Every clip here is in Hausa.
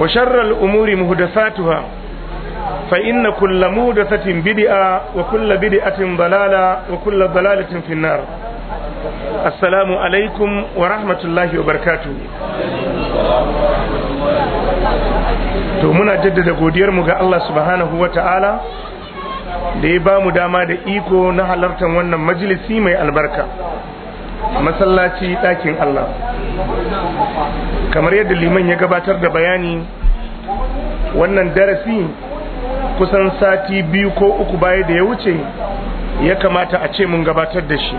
wa sharral umuri muhdathatuha fa inna kulla muhdathatin bidi'a wa kulla bid'atin dalala wa kulla dalalatin fin nar assalamu alaikum wa rahmatullahi wa barakatuh to muna jaddada godiyarmu ga Allah subhanahu wa ta'ala da ya ba mu dama da iko na halartar wannan majlisi mai albarka masallaci ɗakin Allah kamar yadda liman ya gabatar da bayani wannan darasi kusan sati biyu ko uku baya da ya wuce ya kamata a ce mun gabatar da shi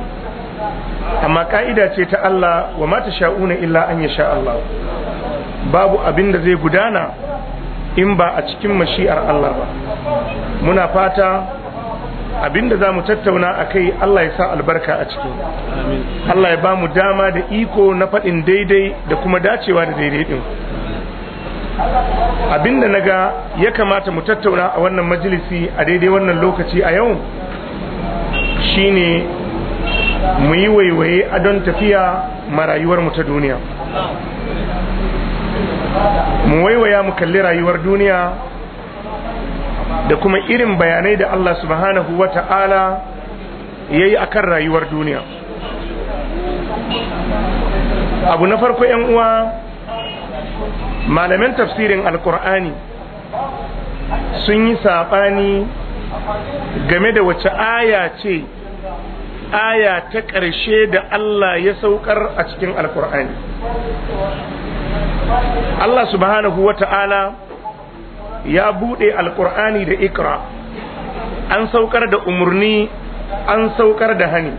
amma ka'ida ce ta Allah wa mata sha'una illa an ya sha Allah babu abin da zai gudana in ba a cikin mashi'ar Allah ba muna fata abinda za mu tattauna a kai Allah ya sa albarka a ciki Allah ya ba mu dama da iko na faɗin daidai da kuma dacewa da daidai ɗin abinda na ga ya kamata mu tattauna a wannan majalisi a daidai wannan lokaci a yau shine mu yi waiwaye a don tafiya rayuwarmu ta duniya mu waiwaya mu kalli rayuwar duniya da kuma irin bayanai da Allah subhanahu wa ta'ala ya yi a kan rayuwar duniya abu na farko uwa malamin tafsirin alkur'ani sun yi saɓani game da wace aya ce aya ta ƙarshe da Allah ya saukar a cikin alkur'ani Allah subhanahu wa ta'ala ya buɗe alƙur'ani da ikra an saukar da umarni an saukar da hani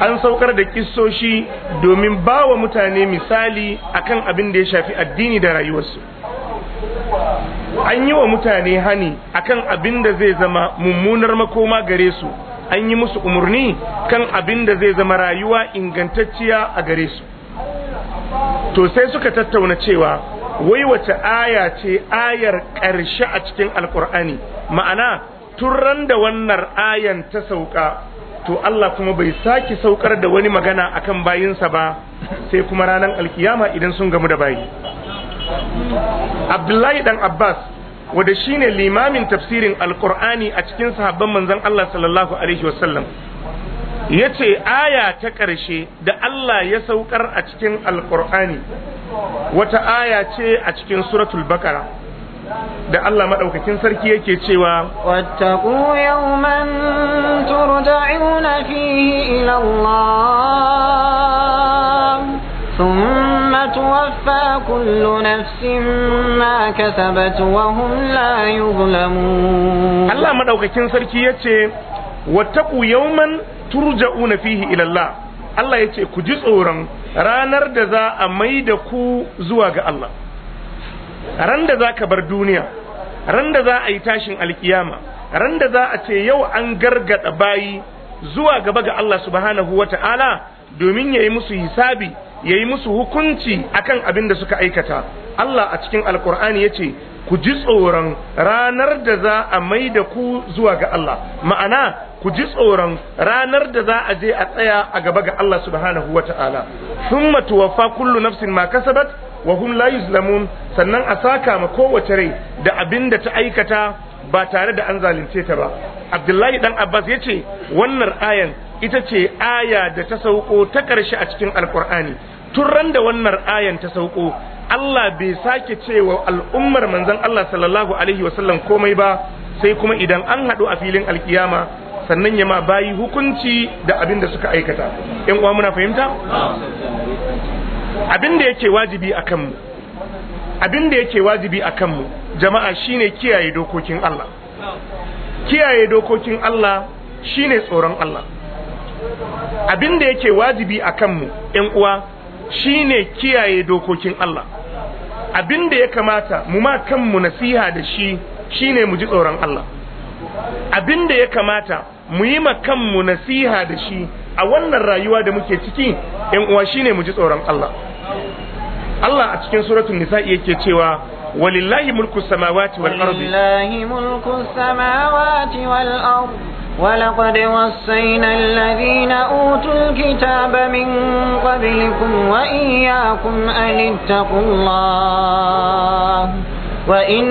an saukar da kissoshi domin ba wa mutane misali akan abin da ya shafi addini da rayuwarsu an yi wa mutane hani akan abin da zai zama mummunar makoma gare su an yi musu umarni kan abin da zai zama rayuwa ingantacciya a gare su to sai suka tattauna cewa wai wace aya ce ayar ƙarshe a cikin alkur'ani ma'ana turan da wannan ayan ta sauka to Allah kuma bai sake saukar da wani magana akan bayinsa ba sai kuma ranar alkiyama idan sun gamu da bayi Abdullahi dan Abbas wanda shine limamin tafsirin alkur'ani a cikin sahabban manzon Allah sallallahu alaihi wasallam yace aya ta ƙarshe da Allah ya saukar a cikin alkur'ani wata aya ce a cikin suratul bakara da Allah maɗaukakin sarki yake cewa wattaku yawman turja'una fihi ila Allah thumma tuwaffa kullu nafsin ma kasabat wa hum la yuzlamun Allah maɗaukakin sarki yace wattaku yawman turja'una fihi ila Allah Allah ya ce ku ji tsoron ranar da za a mai da ku zuwa ga Allah ran da za ka bar duniya ran da za a yi tashin alkiyama ran da za a ce yau an gargada bayi zuwa gaba ga Allah subhanahu wa domin ya yi musu hisabi ya yi musu hukunci akan abin da suka aikata Allah a cikin alkur'ani ya ce ku ji tsoron ranar da za a mai da ku zuwa ga Allah ma'ana ku ji tsoron ranar da za a je a tsaya a gaba ga Allah subhanahu wa ta'ala thumma tuwaffa kullu nafsin ma kasabat wa hum la yuzlamun sannan a saka ma kowace rai da abin da ta aikata ba tare da an zalunce ta ba Abdullahi dan Abbas yace wannan ayan ita ce aya da ta sauko ta karshe a cikin alqur'ani tun ran da wannan ayan ta sauko Allah bai sake cewa al'ummar manzon Allah sallallahu alaihi wasallam komai ba sai kuma idan an haɗu a filin alkiyama sannan ya ma bayi hukunci da abin da suka aikata ‘yan uwa muna fahimta? abin da yake wajibi a kanmu abin da yake wajibi a kanmu jama'a shine kiyaye dokokin Allah kiyaye dokokin Allah shine tsoron Allah abin da yake wajibi a kanmu ‘yan uwa Shi ne kiyaye dokokin Allah abin da ya kamata mu ma kanmu nasiha da shi shi ne mu ji tsoron Allah abin da ya kamata mu yi ma kanmu nasiha da shi a wannan rayuwa da muke ciki yan uwa ne mu ji tsoron Allah Allah a cikin suratul nisa'i yake cewa walillahi mulku samawati wal ardi ولقد وصينا الذين أوتوا الكتاب من قبلكم وإياكم أن اتقوا الله وإن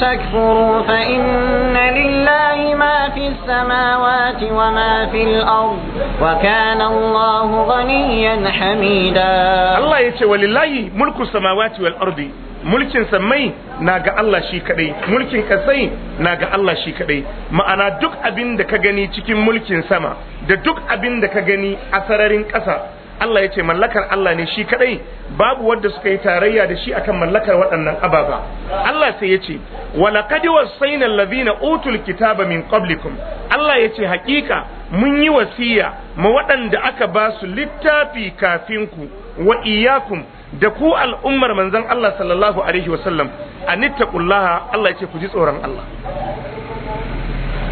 تكفروا فإن لله ما في السماوات وما في الأرض وكان الله غنيا حميدا الله يتي ولله ملك السماوات والأرض mulkin sammai na ga Allah shi kadai mulkin kasai na ga Allah shi kadai ma'ana duk abin da ka gani cikin mulkin sama da duk abin da ka gani a sararin ƙasa Allah ya ce mallakar Allah ne shi kadai babu wadda suka yi tarayya da shi akan mallakar waɗannan ababa Allah sai ya ce walaqad wasaina allazina utul kitaba min qablikum Allah ya ce hakika mun yi wasiya ma waɗanda aka ba su littafi kafin ku wa iyakum da ku al'ummar manzon Allah sallallahu alaihi wasallam anittaqullaha Allah ya ce ku ji tsoron Allah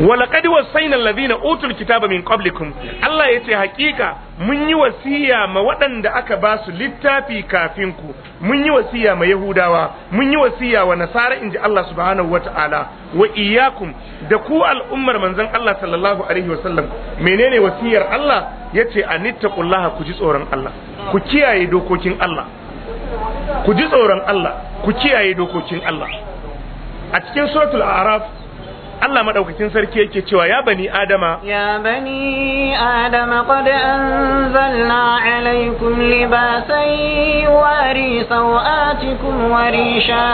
walaqad wasayna alladhina utul kitaba min qablikum Allah yace hakika mun yi wasiya ma waɗanda aka ba su littafi kafin ku mun yi wasiya ma yahudawa mun yi wasiya wa nasara inji Allah subhanahu wataala wa iyyakum da ku al'ummar manzon Allah sallallahu alaihi wa sallam. menene wasiyar Allah yace anittaqullaha ku ji tsoron Allah ku kiyaye dokokin Allah ku ji tsoron Allah ku kiyaye dokokin Allah a cikin suratul a'raf Allah madaukakin sarki yake cewa ya bani adama ya bani adama qad anzalna alaykum libasan wari sawatikum warisha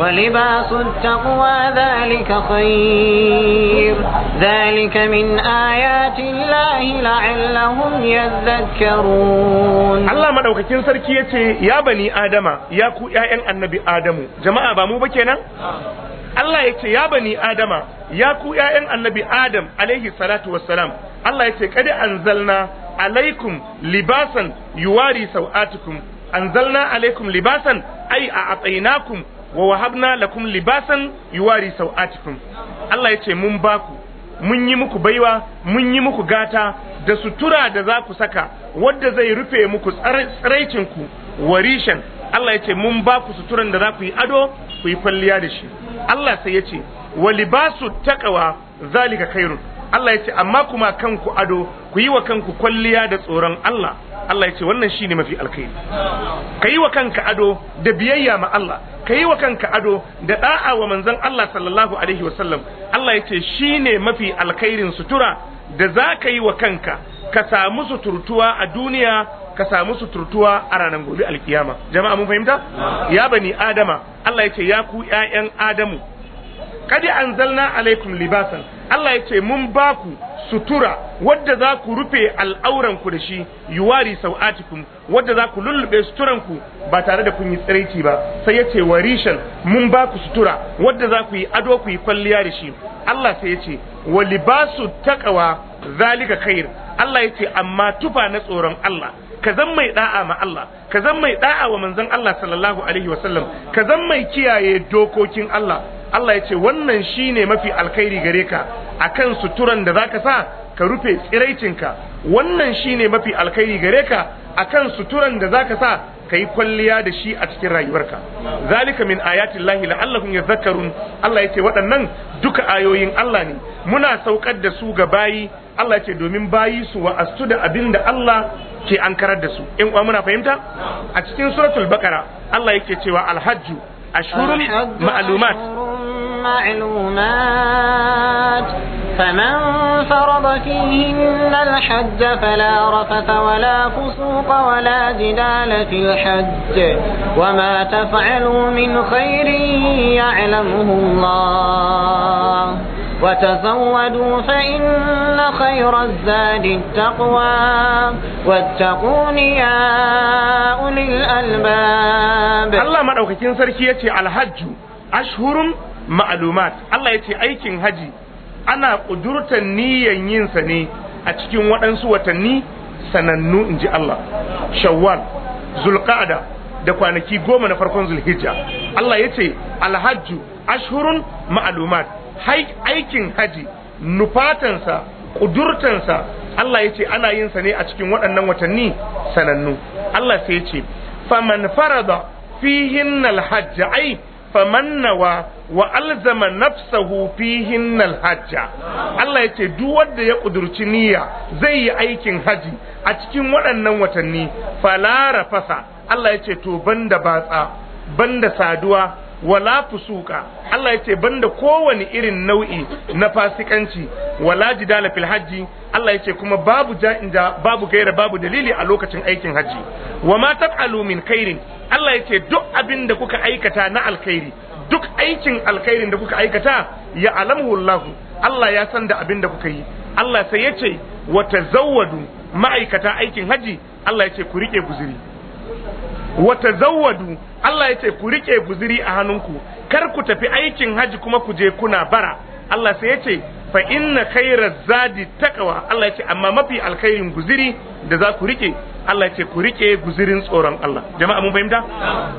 wa libasut taqwa dhalika khayr dhalika min ayati llahi la'allahum yadhakkarun Allah madaukakin sarki yace ya bani adama ya ku ƴaƴan annabi adamu jama'a ba mu ba kenan Allah ya ce ya bani adama ya ku ƴaƴan annabi adam alaihi salatu wassalam Allah ya ce kada anzalna alaikum libasan yuwari sau'atukum anzalna alaikum libasan ai a atainakum wa wahabna lakum libasan yuwari sau'atukum Allah ya ce mun ba ku mun yi muku baiwa mun yi muku gata da sutura da za ku saka wadda zai rufe muku tsiraicinku warishan Allah ya ce mun ba ku suturan da za ku yi ado ku yi kwalliya da shi Allah sai ya ce wa libasu taqwa zalika khairun Allah ya ce amma kuma kanku ado ku yi wa kanku kwalliya da tsoron Allah Allah ya ce wannan shine mafi alkhairi ka yi wa kanka ado da biyayya ma Allah ka yi wa kanka ado da da'a wa manzon Allah sallallahu alaihi wasallam Allah ya ce shine mafi alkhairin sutura da za ka yi wa kanka ka samu suturtuwa a duniya ka samu suturtuwa a ranar gobe alkiyama jama'a mun fahimta ya bani adama Allah ya ce ya ku ƴaƴan adamu kadi anzalna alaikum libasan Allah ya ce mun ba ku sutura wadda za ku rufe al'auran ku da shi yuwari sau'atikum wadda za ku lullube ku ba tare da kun yi tsiraici ba sai ya ce warishan mun ba ku sutura wadda za ku yi ado ku yi kwalliya da shi Allah sai ya ce wa libasu taqwa zalika khair Allah ya ce amma tufa na tsoron Allah ka zan mai da'a ma Allah ka zan mai da'a wa manzon Allah sallallahu alaihi wasallam ka zan mai kiyaye dokokin Allah Allah ya ce wannan shine mafi alkhairi gare ka akan suturan da zaka sa ka rufe tsiraicinka wannan shine mafi alkhairi gare ka akan suturan da zaka sa ka yi kwalliya da shi a cikin rayuwarka zalika min ayatin lahi la'allakum yadhakkarun Allah yace waɗannan duka ayoyin Allah ne muna saukar da su ga bayi Allah ce domin bayi su wa'astu da abin da Allah ke an karar da su in uwa muna fahimta a cikin suratul baqara Allah yake cewa alhajju ashhurun ma'lumat ma'lumat فمن فرض فيهن الحج فلا رفث ولا فسوق ولا جدال في الحج وما تفعلوا من خير يعلمه الله وتزودوا فإن خير الزاد التقوى واتقون يا أولي الألباب الله ما أوكي كنسر كيتي على حج أشهر معلومات الله يتي أيكين حجي أنا قدرت نية ينسني أتكين وأنسو وتني sanannu in ji Allah shawwal zulqa'ada da kwanaki goma na farkon zulhijja Allah ya ce alhajju ashhurun ma'lumat aikin haji nufatansa kudurtansa Allah ya ce ana yin sa ne a cikin waɗannan watanni sanannu Allah sai yace ce faman farada fihin alhajja ai faman nawa wa alzama nafsahu fihin alhajja Allah ya ce duk wanda ya kudurci niyya zai yi aikin haji a cikin waɗannan watanni fala rafasa Allah ya ce to banda batsa banda saduwa wala fusuka Allah ya ce banda kowane irin nau'i na fasikanci wala jidala fil hajji Allah ya ce kuma babu ja'inja babu gaira babu dalili a lokacin aikin hajji wa ma taf'alu min khairin Allah ya ce duk abin da kuka aikata na alkhairi duk aikin alkhairin da kuka aikata ya alamu Allah Allah ya san da abin da kuka yi Allah sai ya ce wa tazawwadu ma'aikata aikin hajji, Allah ya ce ku rike guzuri Wata zawadu Allah ya ce ku rike guziri a hannunku kar ku tafi aikin haji kuma ku je kuna bara Allah sai ce fa inna khairaz zadi taqwa Allah ce amma mafi alkhairin guziri da za ku rike Allah ya ce ku rike guzirin tsoron Allah jama'a mun fahimta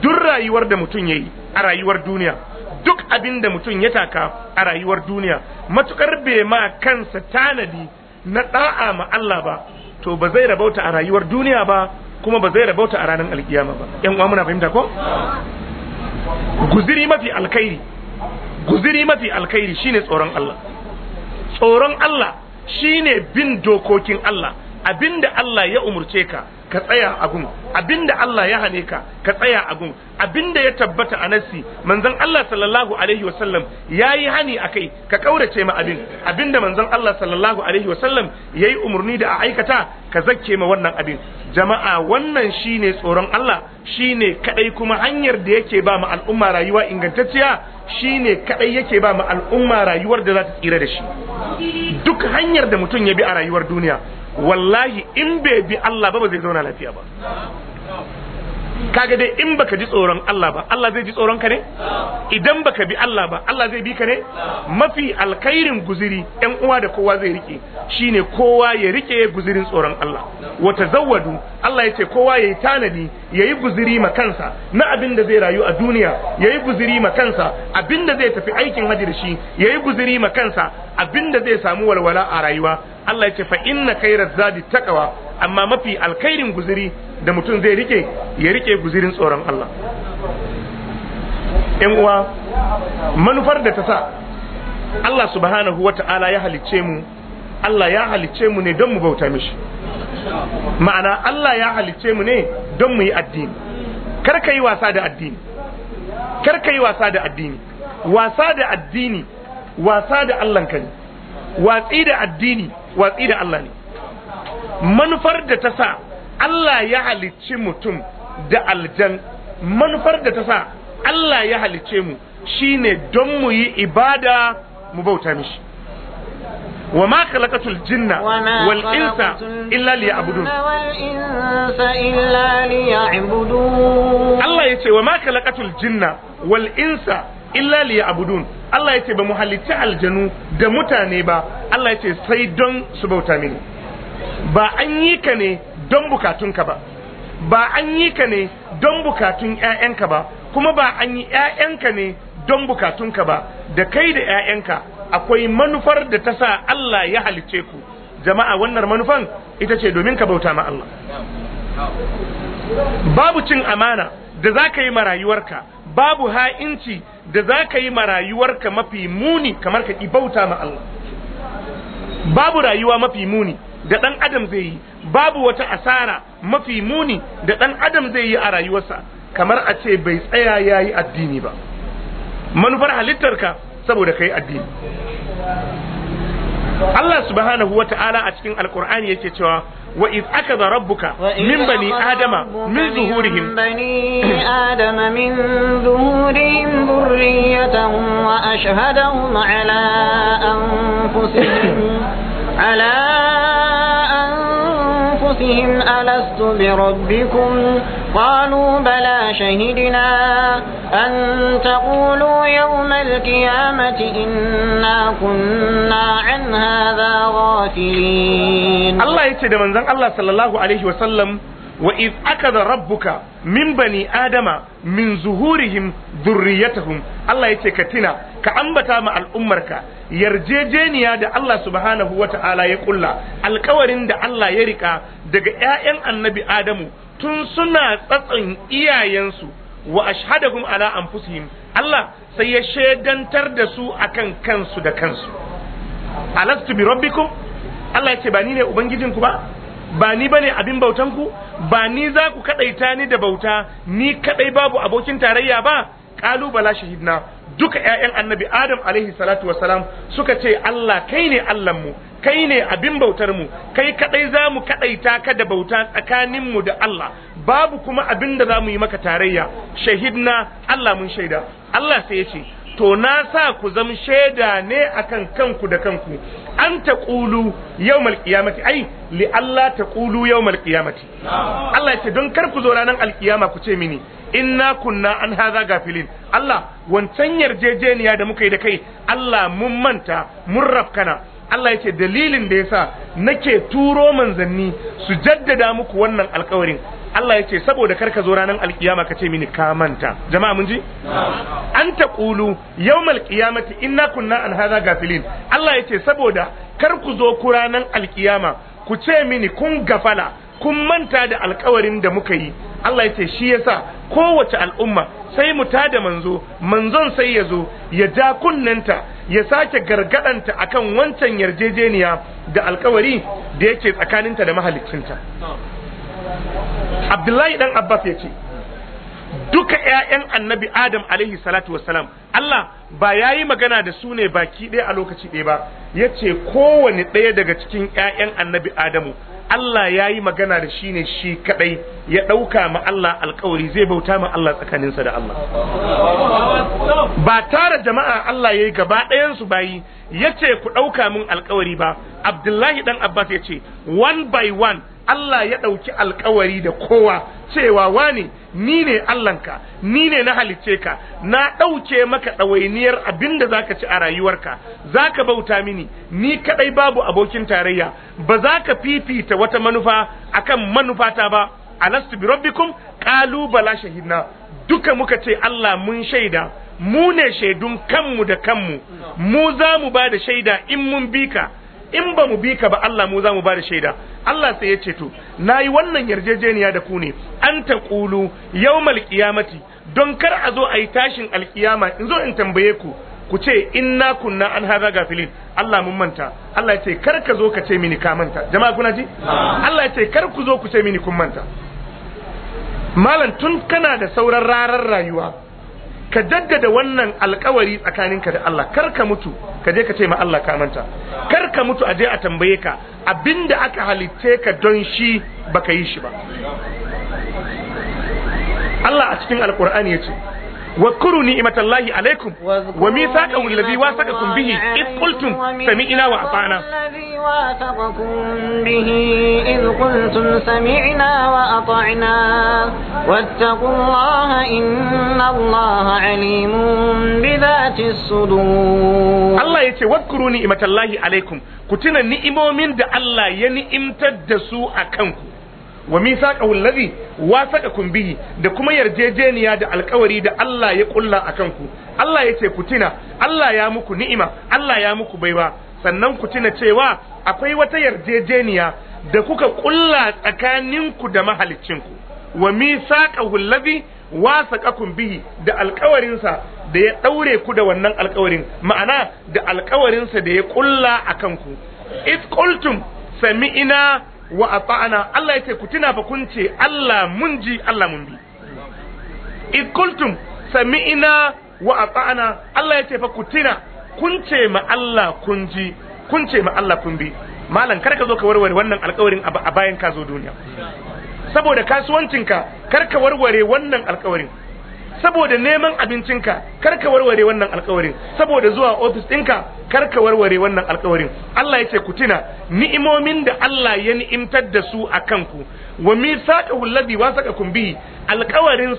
duk rayuwar da mutum yayi a rayuwar duniya duk abin da mutum ya taka a rayuwar duniya matukar bai ma kansa tanadi na da'a ma Allah ba to ba zai rabauta a rayuwar duniya ba kuma ba zai rabauta a ranar alkiyama ba yan uwa muna fahimta ko guziri mafi alkairi guziri mafi alkhairi shine tsoron Allah tsoron Allah shine bin dokokin Allah abinda Allah ya umurce ka ka tsaya a gun abinda Allah ya hane ka ka tsaya a gun abinda ya tabbata a nassi manzon Allah sallallahu alaihi wa sallam yayi hani akai ka kaurace ma abin abinda manzon Allah sallallahu alaihi wa sallam yayi umurni da a aikata ka zakke ma wannan abin jama'a wannan shine tsoron Allah shine kadai kuma hanyar da yake ba mu al'umma rayuwa ingantacciya shine kadai yake ba mu al'umma rayuwar da za ta tsira da shi duk hanyar da mutum ya bi a rayuwar duniya wallahi in bai bi Allah ba ba zai zauna lafiya ba kaga dai in baka ji tsoron Allah ba Allah zai ji tsoron ka ne idan baka bi Allah ba Allah zai bi ka ne mafi alkhairin guziri ɗan uwa da kowa zai rike shine kowa ya rike guzirin tsoron Allah Wata tazawwadu Allah ya ce kowa yayi tanadi yayi guziri ma kansa na abin da zai rayu a duniya yayi guziri ma kansa abin da zai tafi aikin hajji da shi yayi guziri ma kansa abin da zai samu walwala a rayuwa Allah ya ce fa inna khairaz zadi taqwa amma mafi alkhairin guziri da mutum zai rike ya rike guzirin tsoron Allah yan uwa manufar da ta sa Allah subhanahu wata'ala ya halicce mu Allah ya halicce mu ne don mu bauta mishi ma'ana Allah ya halicce mu ne don mu yi addini kar ka yi wasa da addini kar ka wasa da addini wasa da addini wasa da Allah ka watsi da addini watsi da Allah ne manufar da ta sa Allah ya halicci mutum da aljan manufar da ta sa Allah ya halicce mu shine don mu yi ibada mu bauta mishi wa ma khalaqatul jinna wal insa illa liya'budun Allah yace wa ma khalaqatul jinna wal insa illa abudun Allah yace ba mu halitta aljanu da mutane ba Allah yace sai don su bauta mini ba an yi ka ne don bukatunka ba ba an yi ka ne don bukatun ƴaƴanka ba kuma ba an yi ƴaƴanka ne don bukatunka ba da kai da ƴaƴanka akwai manufar da ta sa Allah ya halicce ku jama'a wannan manufan ita ce domin ka bauta ma Allah babu cin amana da za ka yi ma rayuwarka babu ha'inci da za ka yi marayuwarka mafi muni kamar ka ibauta ma Allah babu rayuwa mafi muni da ɗan adam zai yi babu wata asara mafi muni da ɗan adam zai yi a rayuwarsa kamar a ce bai tsaya ya yi addini ba manufar halittarka saboda ka yi addini Allah subhanahu wa ta'ala a cikin alkur'ani yake cewa وإذ أخذ ربك من بني آدم من ظهورهم من بني آدم من ظهورهم ذريتهم وأشهدهم على أنفسهم على أنفسهم ألست بربكم قالوا بلى شهدنا أن تقولوا يوم القيامة إنا كنا عن هذا غافلين Allah ya ce da manzon Allah sallallahu alaihi wa sallam wa iz akada rabbuka min bani adama min zuhurihim dhurriyyatahum Allah yace ka tina ka ambata ma al'ummarka yarjejeniya da Allah subhanahu wata'ala ya kulla alkawarin da Allah ya rika daga ƴaƴan annabi Adamu tun suna tsatsan iyayensu wa ashhadahum ala anfusihim Allah sai ya shedantar da su akan kansu da kansu alastu bi rabbikum Allah ya ce ba ni ne ubangijinku ba ba ni bane abin bautan ku ba ni za ku kaɗaita ni da bauta ni kadai babu abokin tarayya ba Ƙalubala bala shahidna duka ƴaƴan annabi adam alaihi salatu wasalam suka ce Allah kai ne Allah mu kai ne abin bautar mu kai kadai za mu kaɗaita ka da bauta tsakanin mu da Allah babu kuma abin da za mu yi maka tarayya shahidna Allah mun shaida Allah sai ya ce to na sa ku zama shaida ne akan kanku da kanku an taqulu yawmal qiyamati ai li Allah taqulu yawmal qiyamati Allah ya ce don kar ku zo ranar alkiyama ku ce mini inna kunna an haza gafilin Allah wancan yarjejeniya da muka yi da kai Allah mun manta mun rafkana Allah yace dalilin da ya yasa nake turo manzanni su jaddada muku wannan alƙawarin Allah ya ce saboda karka zo ranar alkiyama ka ce mini ka manta jama'a mun ji an ta ƙulu yawmal qiyamati inna kunna an hadha gafilin Allah ya ce saboda kar ku zo ku ranar alkiyama ku ce mini kun gafala kun manta da alkawarin da muka yi Allah ya ce shi yasa kowace al'umma sai mu tada manzo manzon sai ya zo ya ja kunnanta ya sake gargadanta akan wancan yarjejeniya da alkawari da yake tsakaninta da mahaliccinta abdullahi dan abbas ya ce duka ƴaƴan annabi Adam alaihi salatu wassalam Allah ba ya yi magana da su ne baki ɗaya a lokaci ɗaya ba ya ce kowane ɗaya daga cikin ƴaƴan annabi Adamu Allah ya yi magana da shi ne shi kaɗai ya ɗauka ma Allah alkawari zai bauta ma Allah tsakaninsa da Allah ba tara jama'a Allah ya yi gaba ɗayansu bayi ya ce ku ɗauka min alkawari ba Abdullahi ɗan Abbas ya ce one by one Allah ya ɗauki alkawari da kowa cewa Wani ni ne Allahnka ni ne na halicce ka na ɗauke maka ɗawainiyar abin da za ci a rayuwarka za ka bauta mini ni kaɗai babu abokin tarayya ba za ka fifita wata manufa a kan manufata ba alastu bi rabbikum qalu bala shahidna duka muka ce Allah mun shaida mu ne shaidun kanmu da kanmu mu za mu ba da shaida in mun bi ka in ba mu bi ka ba Allah mu za mu ba da shaida Allah sai ya ce to nayi wannan yarjejeniya da ku ne an ta qulu yawmal qiyamati don kar a zo a yi tashin alkiyama in zo in tambaye ku ku ce inna kunna an haza gafilin Allah mun manta Allah ya ce kar ka zo ka ce mini ka manta jama'a kuna ji Allah ya ce kar ku zo ku ce mini kun manta malam tun kana da sauran rarar rayuwa ka jaddada wannan alkawari tsakaninka da Allah kar ka mutu ka je ka ce ma Allah ka manta kar ka mutu a je a tambaye ka abinda aka halitte ka don shi baka yi shi ba Allah a cikin alkur'ani yace واذكروا نعمة الله عليكم وميثاقه الذي واثقكم به إذ قلتم سمعنا وأطعنا به إذ قلتم سمعنا وأطعنا واتقوا الله إن الله عليم بذات الصدور الله يتي واذكروا نعمة الله عليكم كتنا نئمو من دا الله ينئمت تدسو كنكم wa mithaqahu allazi wasaqakum bihi da kuma yarjejeniya da alkawari da Allah ya kulla akan ku Allah yace ku tina Allah ya muku ni'ima Allah ya muku baiwa sannan ku tina cewa akwai wata yarjejeniya da kuka kulla tsakaninku da mahaliccinku wa mithaqahu allazi wasaqakum bihi da sa da ya daure ku da wannan alkawarin ma'ana da sa da ya kulla akan ku it qultum sami'ina wa ata'ana Allah yace ku tuna fa kun ce Allah mun ji Allah mun bi in kuntum sami'na wa ata'ana Allah yace fa ku tuna kun ce ma Allah kun ji kun ce ma Allah kun bi malam kar ka zo ka warware wannan alƙawarin a bayan ka zo duniya saboda kasuwancinka kar ka warware wannan alƙawarin saboda neman abincinka kar ka warware wannan alkawarin saboda zuwa ofis ɗinka kar ka warware wannan alkawarin Allah ya ce ku tuna ni'imomin da Allah ya ni'imtar da su a kanku wa mithaqahu alladhi wasaqakum bihi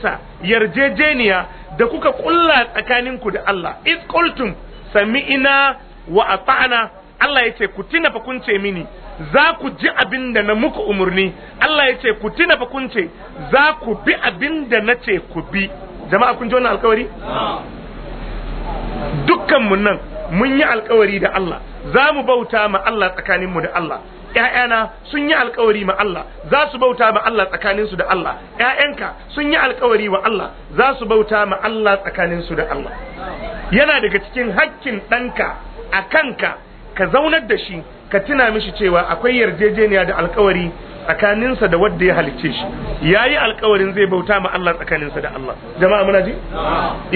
sa yarjejeniya da kuka kulla ku da Allah iz qultum sami'ina wa ata'na Allah ya ce ku tuna fa kun ce mini za ku ji abin da na muku umarni Allah ya ce ku tuna fa kun ce za ku bi abin da na ce ku bi jama'a kun ji wannan alkawari dukkan mun nan mun yi alkawari da Allah za mu bauta ma Allah tsakaninmu da Allah ‘ya'yana sun yi alkawari ma Allah za su bauta ma Allah tsakaninsu da Allah ‘ya'yanka sun yi alkawari wa Allah za su bauta ma Allah tsakaninsu da Allah yana daga cikin hakkin ɗanka a kanka ka zaunar da shi ka tuna mishi cewa akwai yarjejeniya da alkawari tsakaninsa da wadda ya halicce shi yayi alkawarin zai bauta ma Allah tsakaninsa da Allah jama'a muna ji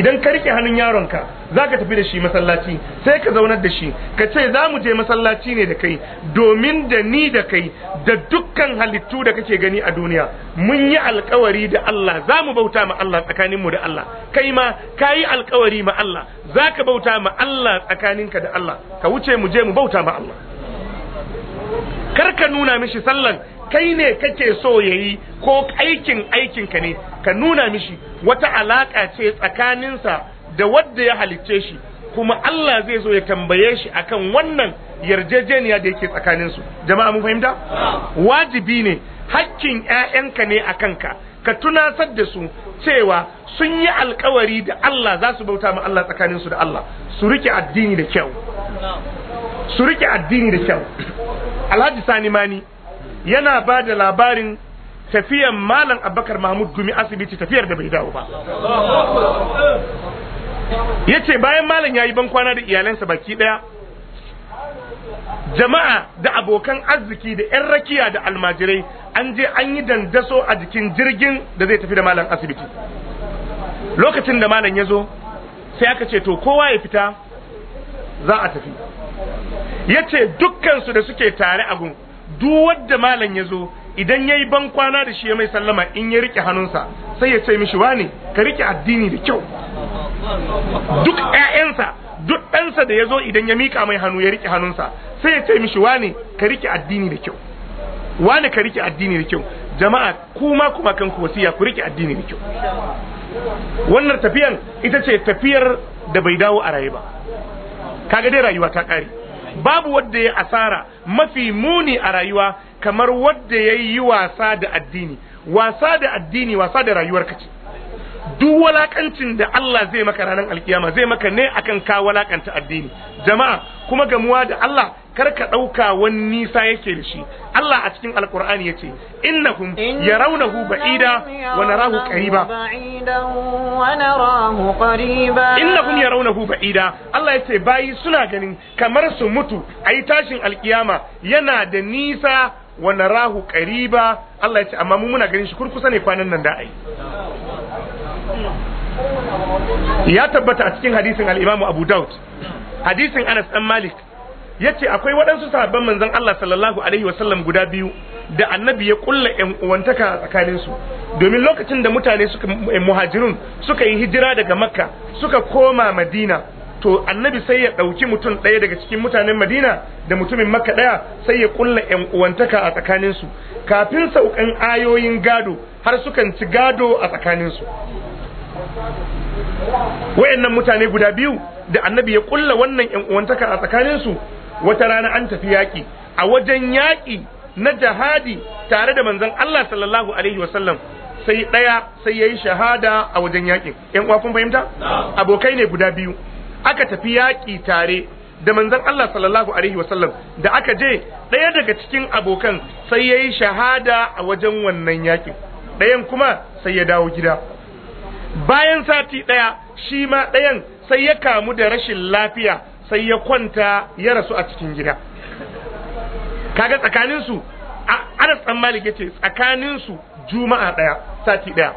idan ka rike hannun yaronka zaka tafi da shi masallaci sai ka zaunar da shi ka ce za mu je masallaci ne da kai domin da ni da kai da dukkan halittu da kake gani a duniya mun yi alkawari da Allah za mu bauta ma Allah tsakaninmu da Allah kai ma ka yi alkawari ma Allah za ka bauta ma Allah tsakaninka da Allah ka wuce mu je mu bauta ma Allah kar ka nuna mishi sallan kai ne kake so yayi ko aikin aikin ka ne ka nuna mishi wata alaka ce tsakaninsa da wadda ya halicce shi kuma Allah zai zo ya tambaye shi akan wannan yarjejeniya da yake tsakaninsu jama'a mun fahimta wajibi ne hakkin ƴaƴanka ne a kanka ka tunasar da su cewa sun yi alkawari da Allah za su bauta ma Allah tsakaninsu da Allah su rike addini da kyau su rike addini da kyau Alhaji Sani Mani yana ba da labarin tafiyan malam abakar mahmud gumi asibiti tafiyar da bai dawo ba ya ce bayan malam ya yi bankwana da iyalansa baki daya jama'a da abokan arziki da 'yan rakiya da almajirai an je an yi dandaso a jikin jirgin da zai tafi da malam asibiti lokacin da malam ya zo sai aka ce to kowa ya fita za a tafi ya ce dukkansu da suke tare a gun duk wanda malam ya zo idan ya yi ban kwana da shi ya mai sallama in ya rike hannunsa sai ya ce mishi wane ka rike addini da kyau duk ƴaƴansa duk ɗansa da ya zo idan ya miƙa mai hannu ya rike hannunsa sai ya ce mishi wane ka rike addini da kyau wane ka rike addini da kyau jama'a kuma kuma kan ku wasiya ku rike addini da kyau wannan tafiyan ita ce tafiyar da bai dawo a rayuwa. ba kaga dai rayuwa ta ƙare babu wanda ya asara mafi muni a rayuwa kamar wanda ya yi wasa da addini wasa da addini wasa da rayuwar ce duk walakancin da Allah zai maka ranar alkiyama zai maka ne akan ka walakanta addini jama'a kuma gamuwa da Allah kar ka ɗauka wani nisa yake da shi Allah a cikin alkur'ani ya ce innahum yarawnahu ba'ida wa narahu qariba innahum yarawnahu ba'ida Allah ya ce bayi suna ganin kamar su mutu ayi tashin alkiyama yana da nisa wa narahu qariba Allah ya ce amma mu muna ganin shi kurkusa ne kwanan nan da ai ya tabbata a cikin hadisin al'imamu abu daud hadisin anas dan malik ya ce akwai waɗansu sahabban manzon Allah sallallahu alaihi wasallam guda biyu da annabi ya ƙulla yan uwantaka tsakaninsu domin lokacin da mutane suka eh, muhajirun suka yi hijira daga makka suka koma madina to annabi sai ya ɗauki mutum ɗaya daga cikin mutanen madina da mutumin makka ɗaya sai ya ƙulla ‘yan uwantaka a tsakaninsu kafin saukan ayoyin gado har sukan ci gado a tsakaninsu wayannan mutane guda biyu da annabi ya ƙulla wannan ‘yan uwantaka a tsakaninsu wata rana an tafi yaƙi a wajen yaƙi na jihadi tare da manzon Allah sallallahu alaihi wasallam sai ɗaya sai ya yi shahada a wajen yaƙin ‘yan uwa kun fahimta abokai ne guda biyu aka tafi yaƙi tare da manzon Allah sallallahu alaihi wasallam da aka je ɗaya daga cikin abokan sai ya yi shahada a wajen wannan yaƙin ɗayan kuma sai ya dawo gida bayan sati ɗaya shi ma ɗayan sai ya kamu da rashin lafiya sai ya kwanta ya rasu a cikin gida kaga tsakaninsu anas ɗan malik yace tsakaninsu juma'a ɗaya sati ɗaya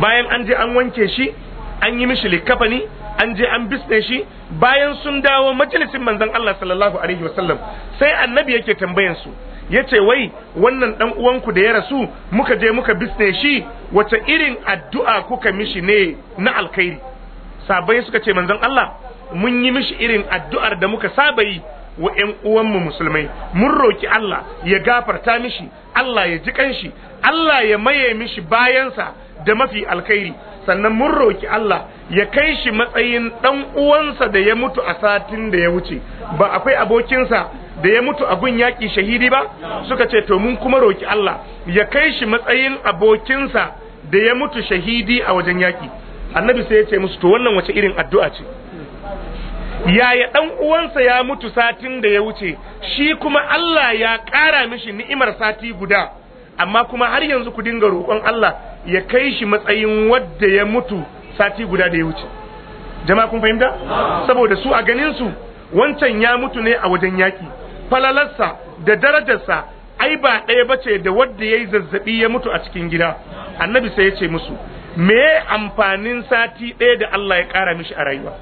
bayan an je an wanke shi an yi mishi likafani an je an bisne shi bayan sun dawo majalisin manzon Allah sallallahu alaihi wasallam sai annabi yake tambayan su yace wai wannan dan uwanku da ya rasu muka je muka bisne shi wace irin addu'a kuka mishi ne na alkhairi sabai suka ce manzon Allah mun yi mishi irin addu'ar da muka saba yi wa ‘yan uwanmu musulmai mun roki Allah ya gafarta mishi Allah ya ji kanshi Allah ya maye mishi bayansa da mafi alkhairi sannan mun roki Allah ya kai shi matsayin ɗan uwansa da ya mutu a satin da ya wuce ba akwai abokinsa da ya mutu a abun yaƙi shahidi ba suka ce to mun kuma roki Allah ya kai shi matsayin abokinsa da ya mutu shahidi a wajen yaƙi annabi sai ya ce musu to wannan wace irin addu'a ce yaya ɗan uwansa ya mutu satin da ya wuce shi kuma Allah ya ƙara mishi ni'imar sati guda amma kuma har yanzu ku dinga roƙon Allah ya kai shi matsayin wadda ya mutu sati guda da ya wuce jama'a kun fahimta saboda su a ganin su wancan ya mutu ne a wajen yaki falalarsa da darajarsa ai ba ɗaya bace da wadda ya yi zazzaɓi ya mutu a cikin gida annabi sai ya ce musu me amfanin sati ɗaya da Allah ya ƙara mishi a rayuwa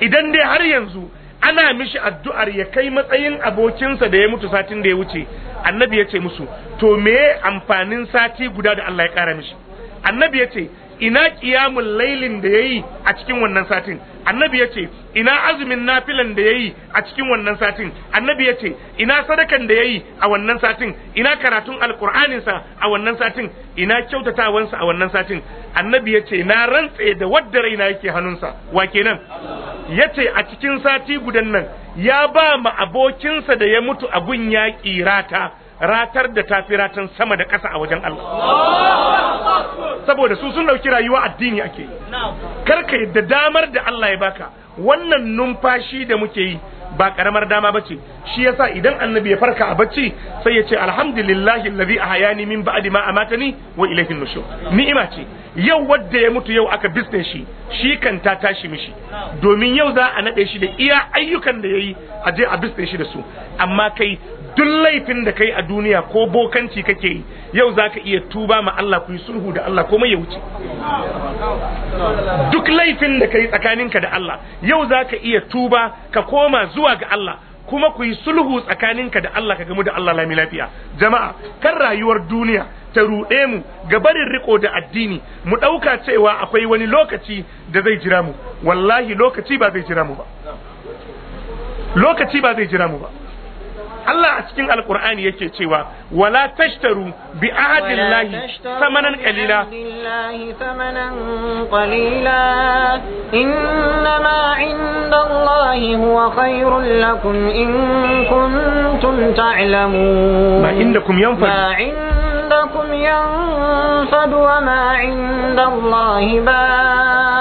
idan dai har yanzu ana mishi addu'ar ya kai matsayin abokinsa da ya mutu satin da ya wuce annabi ya ce musu to me amfanin sati guda da Allah ya kara mishi annabi ya ce ina ƙiyamun lailin da yayi a cikin wannan satin annabi yace ina azumin nafilan da yayi a cikin wannan satin annabi yace ina sadakan da yayi a wannan satin ina karatun alqur'anin a wannan satin ina kyautatawansa a wannan satin annabi yace na rantse da wadda raina yake hannunsa wa kenan yace a cikin sati gudan nan ya ba ma abokinsa da ya mutu a gun ya kirata ratar da tafi ratan sama da ƙasa a wajen Allah saboda su sun dauki rayuwa addini ake yi kar ka yadda damar da Allah ya baka wannan numfashi da muke yi ba karamar dama bace shi yasa idan annabi ya farka a bacci sai ya ce alhamdulillahi alladhi ahayani min ba'di ma amatani wa ilayhi nushur ni'ima ce yau wanda ya mutu yau aka bisne shi shi kan ta tashi mishi domin yau za a nade shi da iya ayyukan da yayi a je a bisne shi da su amma kai duk laifin da kai a duniya ko bokanci kake yi yau za ka iya tuba ma Allah ku yi sulhu da Allah komai ya wuce duk laifin da kai tsakaninka da Allah yau za ka iya tuba ka koma zuwa ga Allah kuma ku yi sulhu tsakaninka da Allah ka gamu da Allah lami lafiya jama'a kan rayuwar duniya ta ruɗe mu ga barin riko da addini mu ɗauka cewa akwai wani lokaci da zai jira mu wallahi lokaci ba zai jira mu ba lokaci ba zai jira mu ba Allah a cikin alkur'ani yake cewa wala tashtaru bi ahadillahi samanan qalila samanan qalila innama indallahi huwa khairul lakum in kuntum ta'lamun ma indakum yanfad ma indakum yanfad wa ma ba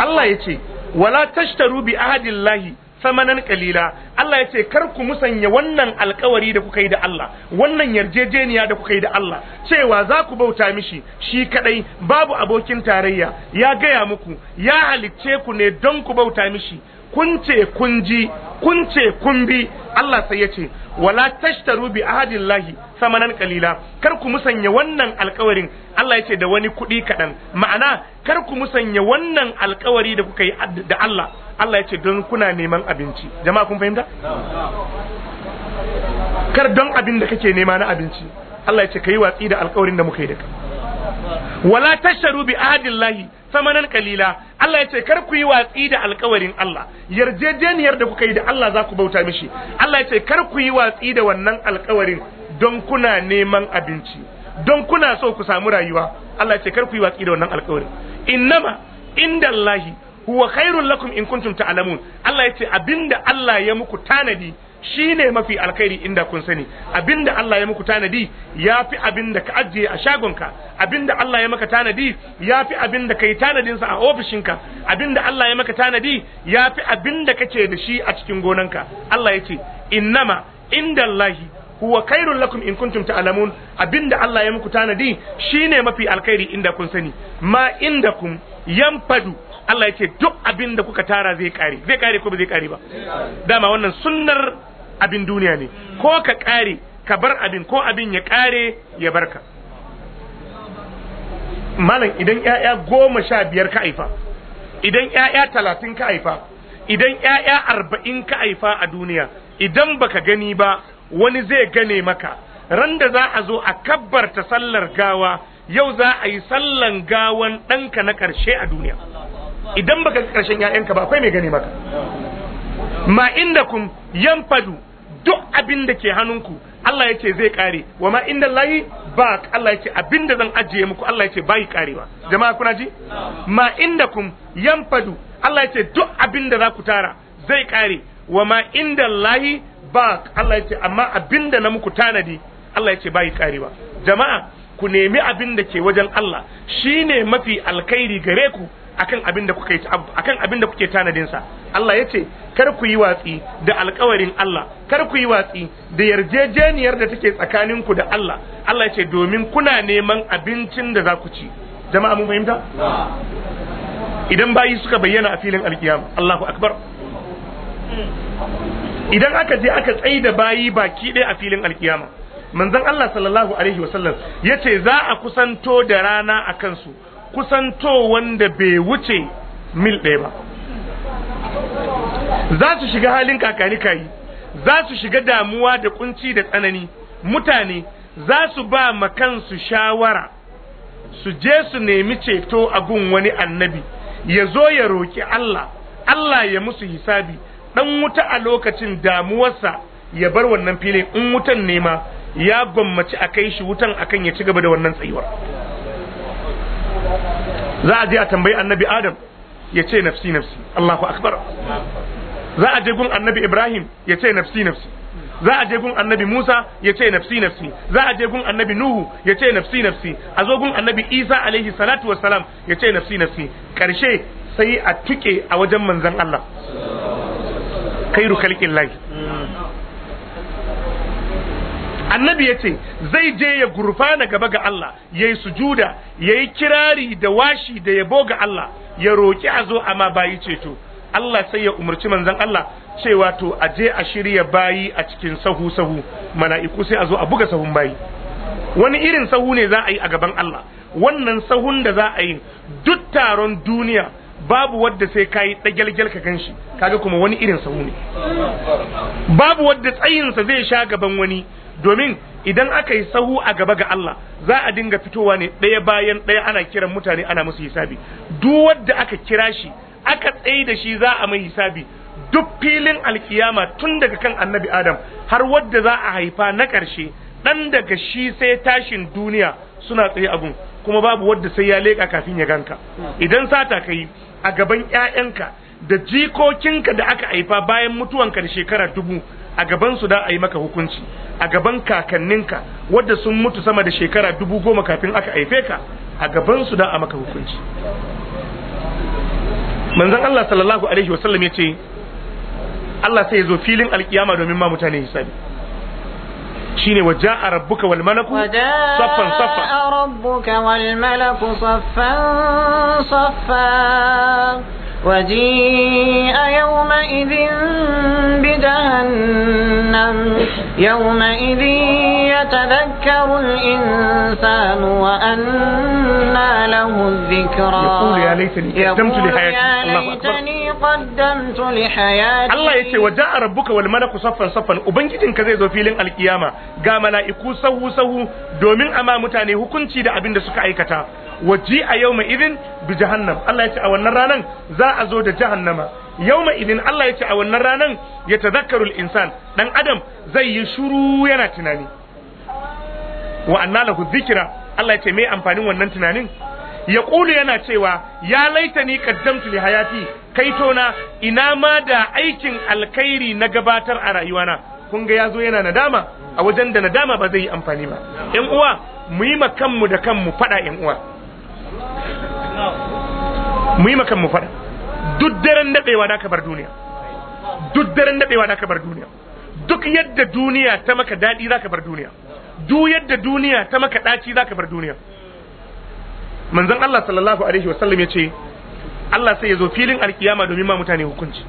Allah ce wala tashtaru bi ahadillahi samanan kalila Allah ya ce kar ku musanya wannan alkawari da kuka yi da Allah wannan yarjejeniya da kuka yi da Allah cewa za ku bauta mishi shi kadai babu abokin tarayya ya gaya muku ya halicce ku ne don ku bauta mishi kun ce kun ji kun ce kun bi Allah sai ya ce wala tashtaru bi ahadillahi samanan kalila kar ku musanya wannan alkawarin Allah yace da wani kuɗi kaɗan ma'ana kar ku musanya wannan alkawari da kuka yi da Allah Allah yace don kuna neman abinci jama'a kun fahimta kar don abin da kake nema na abinci Allah yace kai watsi da alkawarin da muka yi da kai wala tasharu bi ahdillahi samanan kalila Allah ya kar ku yi watsi da alkawarin Allah yarjejeniyar da kuka yi da Allah za ku bauta mishi Allah ya kar ku yi watsi da wannan alkawarin don kuna neman abinci don kuna so ku samu rayuwa Allah ya kar ku yi watsi da wannan alkawarin innama indallahi huwa khairul lakum in kuntum ta'lamun Allah ya ce abinda Allah ya muku tanadi shine mafi alkhairi inda kun sani abinda Allah ya muku tanadi yafi abinda ka ajiye a shagonka abinda Allah ya maka tanadi yafi abinda kai tanadin sa a ofishinka abinda Allah ya maka tanadi yafi abinda kake da shi a cikin gonanka Allah ya yace innama indallahi huwa khairul lakum in kuntum ta'lamun abinda Allah ya muku tanadi shine mafi alkhairi inda kun sani ma indakum yanfadu Allah ya ce duk abinda kuka tara zai kare zai kare ko ba zai kare ba dama wannan sunnar abin duniya ne ko ka kare ka bar abin ko abin ya kare ya barka malam idan ƴaƴa goma sha biyar ka haifa idan ƴaƴa talatin ka haifa idan ƴaƴa arba'in ka haifa a duniya idan baka gani ba wani zai gane maka ran da za a zo a kabbarta sallar gawa yau za a yi sallan gawan ɗanka na ƙarshe a duniya idan baka ƙarshen 'ya'yanka ba akwai mai gane maka ma indakum yanfadu duk abin da ke hannunku Allah ya ce zai kare wa ma inda layi ba Allah ya ce abin da zan ajiye muku Allah ya ce karewa jama'a kuna ji ma inda kum yanfadu Allah yake duk abin da za ku tara zai kare wa ma inda layi ba Allah ya ce amma abin da na muku tanadi Allah ya ce karewa jama'a ku nemi abin da ke wajen Allah shine mafi alkhairi gare ku akan abin da kuka yi akan abin da kuke tanadin sa Allah yace kar ku yi watsi da alƙawarin Allah kar ku yi watsi da yarjejeniyar da take tsakanin ku da Allah Allah yace domin kuna neman abincin da za ku ci jama'a mun fahimta idan bayi suka bayyana a filin alkiyama Allahu akbar idan aka je aka tsayi da bayi baki ɗaya a filin alkiyama manzon Allah sallallahu alaihi wasallam yace za a kusanto da rana a kansu kusanto wanda bai wuce mil ɗaya ba za su shiga halin kakani kayi za su shiga damuwa da kunci da tsanani mutane za su ba makansu shawara su je su nemi ceto a gun wani annabi ya zo ya roƙi Allah Allah ya musu hisabi Ɗan wuta a lokacin damuwarsa ya bar wannan filin in wutan nema ya gwammaci a kai shi wutan akan ya ci gaba da wannan tsayuwar za a je a tambayi annabi adam ya ce nafsi nafsi Allahu akbar za a je gun annabi ibrahim ya ce nafsi nafsi za a je gun annabi Musa ya ce nafsi nafsi za a je gun annabi Nuhu ya ce nafsi nafsi a zo gun annabi Isa alaihi salatu wassalam ya ce nafsi nafsi karshe sai a tuke a wajen manzan Allah khairu khalqin lahi annabi ya ce zai je ya gurfana gaba ga Allah ya yi sujuda ya yi kirari da washi da yabo ga Allah ya roƙi a zo amma bayi ceto Allah sai ya umarci manzan Allah cewa to a je a shirya bayi a cikin sahu sahu mala'iku sai a zo a buga sahun bayi wani irin sahu ne za a yi a gaban Allah wannan sahun da za a yi duk taron duniya babu wadda sai kayi dagyalgyal ka ganshi kaga kuma wani irin sahu ne babu wadda tsayinsa zai sha gaban wani domin idan aka yi sahu a gaba ga Allah za a dinga fitowa ne ɗaya bayan ɗaya ana kiran mutane ana musu hisabi duk wanda aka kira shi aka tsaye da shi za a mai hisabi duk filin alkiyama tun daga kan annabi adam har wadda za a haifa na ƙarshe ɗan daga shi sai tashin duniya suna tsaye gun, kuma babu wadda sai ya leƙa kafin ya ganka idan sata ka yi a gaban ƴaƴanka da jikokinka da aka haifa bayan mutuwanka da shekara dubu a gaban su da a yi maka hukunci a gaban kakanninka wadda sun mutu sama da shekara dubu goma kafin aka haife ka a gaban su da a maka hukunci manzon Allah sallallahu alaihi wasallam ya ce Allah sai ya zo filin alkiyama domin ma mutane hisabi shine wa ja'a rabbuka wal malaku saffan saffa rabbuka wal malaku saffan saffa وجيء يومئذ بجهنم يومئذ يتذكر الإنسان وأنى له الذكرى يقول يا ليتني قدمت لحياتي الله أكبر قدمت لحياتي الله يتي وجاء ربك والملك saffan صفا ubangijinka zai zo filin alkiyama ga mala'iku sahu sahu domin ama mutane hukunci da abin da suka aikata waji a yawma idin bi jahannam Allah ce a wannan ranan za a zo da jahannama yawma idin Allah yace a wannan ranan ya tazakkarul insan dan adam zai yi shuru yana tunani wa anna lahu dhikra Allah yace me amfanin wannan tunanin ya ƙulu yana cewa ya laita ni kaddamtu li hayati na ina ma da aikin alkhairi na gabatar a rayuwana kun ga yazo yana nadama a wajen da nadama ba zai yi amfani ba yan uwa mu yi kanmu da kanmu fada yan uwa mu yi kanmu fada duk daren dadewa da ka bar duniya duk daren da ka bar duniya duk yadda duniya ta maka dadi za ka bar duniya duk yadda duniya ta maka daci za ka bar duniya manzon Allah sallallahu alaihi wa ya ce Allah sai ya zo filin alkiyama domin ma mutane hukunci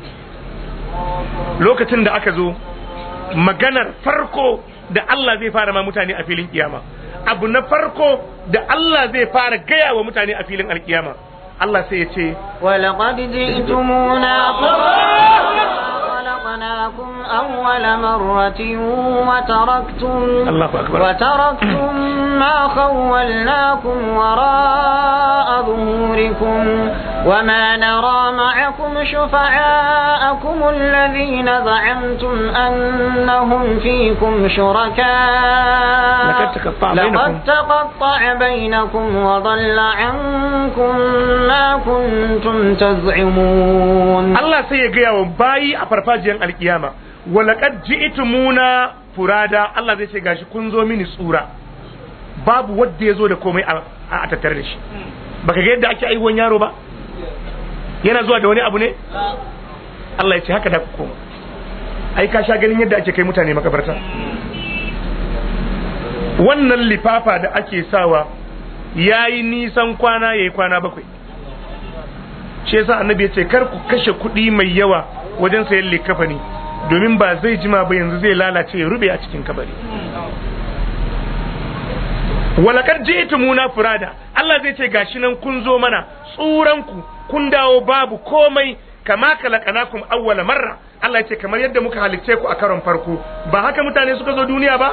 lokacin da aka zo maganar farko da Allah zai fara ma mutane a filin kiyama abu na farko da Allah zai fara gaya wa mutane a filin alkiyama Allah sai ya ce wa laqad ji'tumuna خلقناكم أول مرة وتركتم الله أكبر وتركتم ما خولناكم وراء ظهوركم وما نرى معكم شفعاءكم الذين زعمتم أنهم فيكم شركاء لقد تقطع بينكم, لقد تقطع بينكم وضل عنكم ما كنتم تزعمون الله سيقيا وباي أفرفاجي filin alkiyama wa laqad ji'tumuna furada Allah zai ce gashi kun zo mini tsura babu wanda yazo da komai a tattare da shi baka ga yadda ake aiwon yaro ba yana zuwa da wani abu ne Allah ya ce haka da ku koma ai ka sha ganin yadda ake kai mutane makabarta wannan lifafa da ake sawa yayi nisan kwana yayi kwana bakwai shi yasa annabi ya ce kar ku kashe kuɗi mai yawa wajen sayan ne domin ba zai jima ba yanzu zai lalace ya rube a cikin kabari walakar jitu muna furada Allah zai ce gashi nan kun zo mana tsuranku kun dawo babu komai kama kalakanakum awwala marra Allah yace kamar yadda muka halicce ku a karon farko ba haka mutane suka zo duniya ba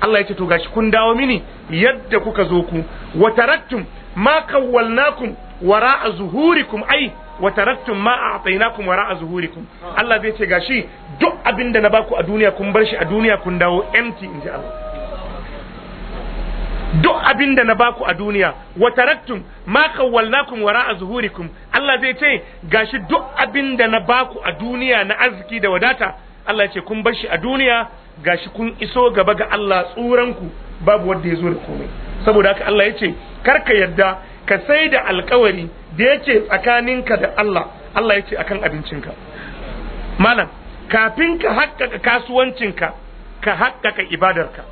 Allah yace to gashi kun dawo mini yadda kuka zo ku wa taraktum ma kawwalnakum wara'a zuhurikum ai wa taraktum ma a'tainakum wara zuhurikum Allah zai ce gashi duk abinda na ku a duniya kun bar shi a duniya kun dawo empty inji Allah duk abinda na ku a duniya wa taraktum ma khawwalnakum wara zuhurikum Allah zai ce gashi duk abinda na baku a duniya na arziki da wadata Allah ya ce kun bar shi a duniya gashi kun iso gaba ga Allah tsuranku babu wanda ya zo da komai saboda haka Allah ya ce karka yarda. ka sai da alkawari da yake tsakaninka da Allah Allah ya ce akan abincinka malam kafin ka haƙƙaƙa kasuwancinka ka haƙƙaƙa ibadarka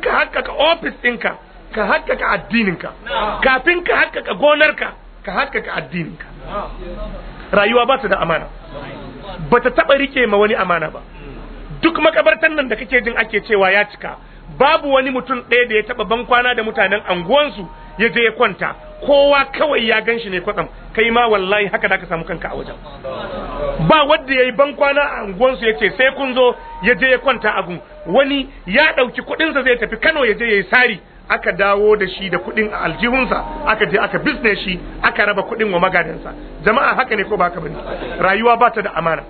kafin ka haƙƙaƙa ofis ɗinka ka haƙƙaƙa addininka kafin ka haƙƙaƙa gonarka ka haƙƙaƙa addininka rayuwa ba ta da amana ba ta taɓa riƙe ma wani amana ba duk makabartan nan da kake jin ake cewa ya cika babu wani mutum ɗaya da ya taɓa bankwana da mutanen anguwansu ya je ya kwanta kowa kawai ya gan shi ne kwatsam kai ma wallahi haka da ka samu kanka a wajen ba wanda ya yi bankwana a unguwansu ya ce sai kun zo ya je ya kwanta a gun wani ya ɗauki kuɗinsa zai tafi kano ya je ya yi sari aka dawo da shi da kuɗin a aljihunsa aka je aka bisne shi aka raba kuɗin wa magadansa jama'a haka ne ko ba haka bane rayuwa ba ta da amana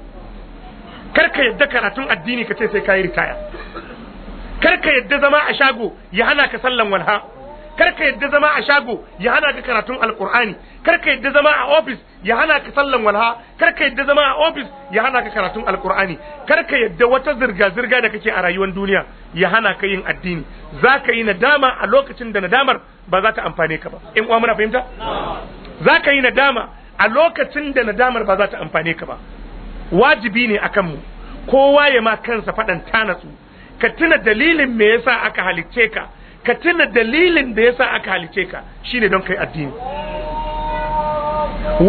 kar ka yadda karatun addini ka ce sai ka yi ritaya kar ka yadda zama a shago ya hana ka sallan walha kar ka yadda zama a shago ya hana ka karatun alkur'ani karka ka yadda zama a ofis ya hana ka sallan walha kar ka yadda zama a ofis ya hana ka karatun alkur'ani kar ka yadda wata zirga zirga da kake a rayuwar duniya ya hana ka yin addini zaka yi nadama a lokacin da nadamar ba za ta amfane ka ba in uwa muna fahimta zaka yi nadama a lokacin da nadamar ba za ta amfane ka ba wajibi ne akan mu kowa ya ma kansa faɗan tanatsu ka tuna dalilin me yasa aka halicce ka ka tuna dalilin da yasa aka halice ka shine don kai addini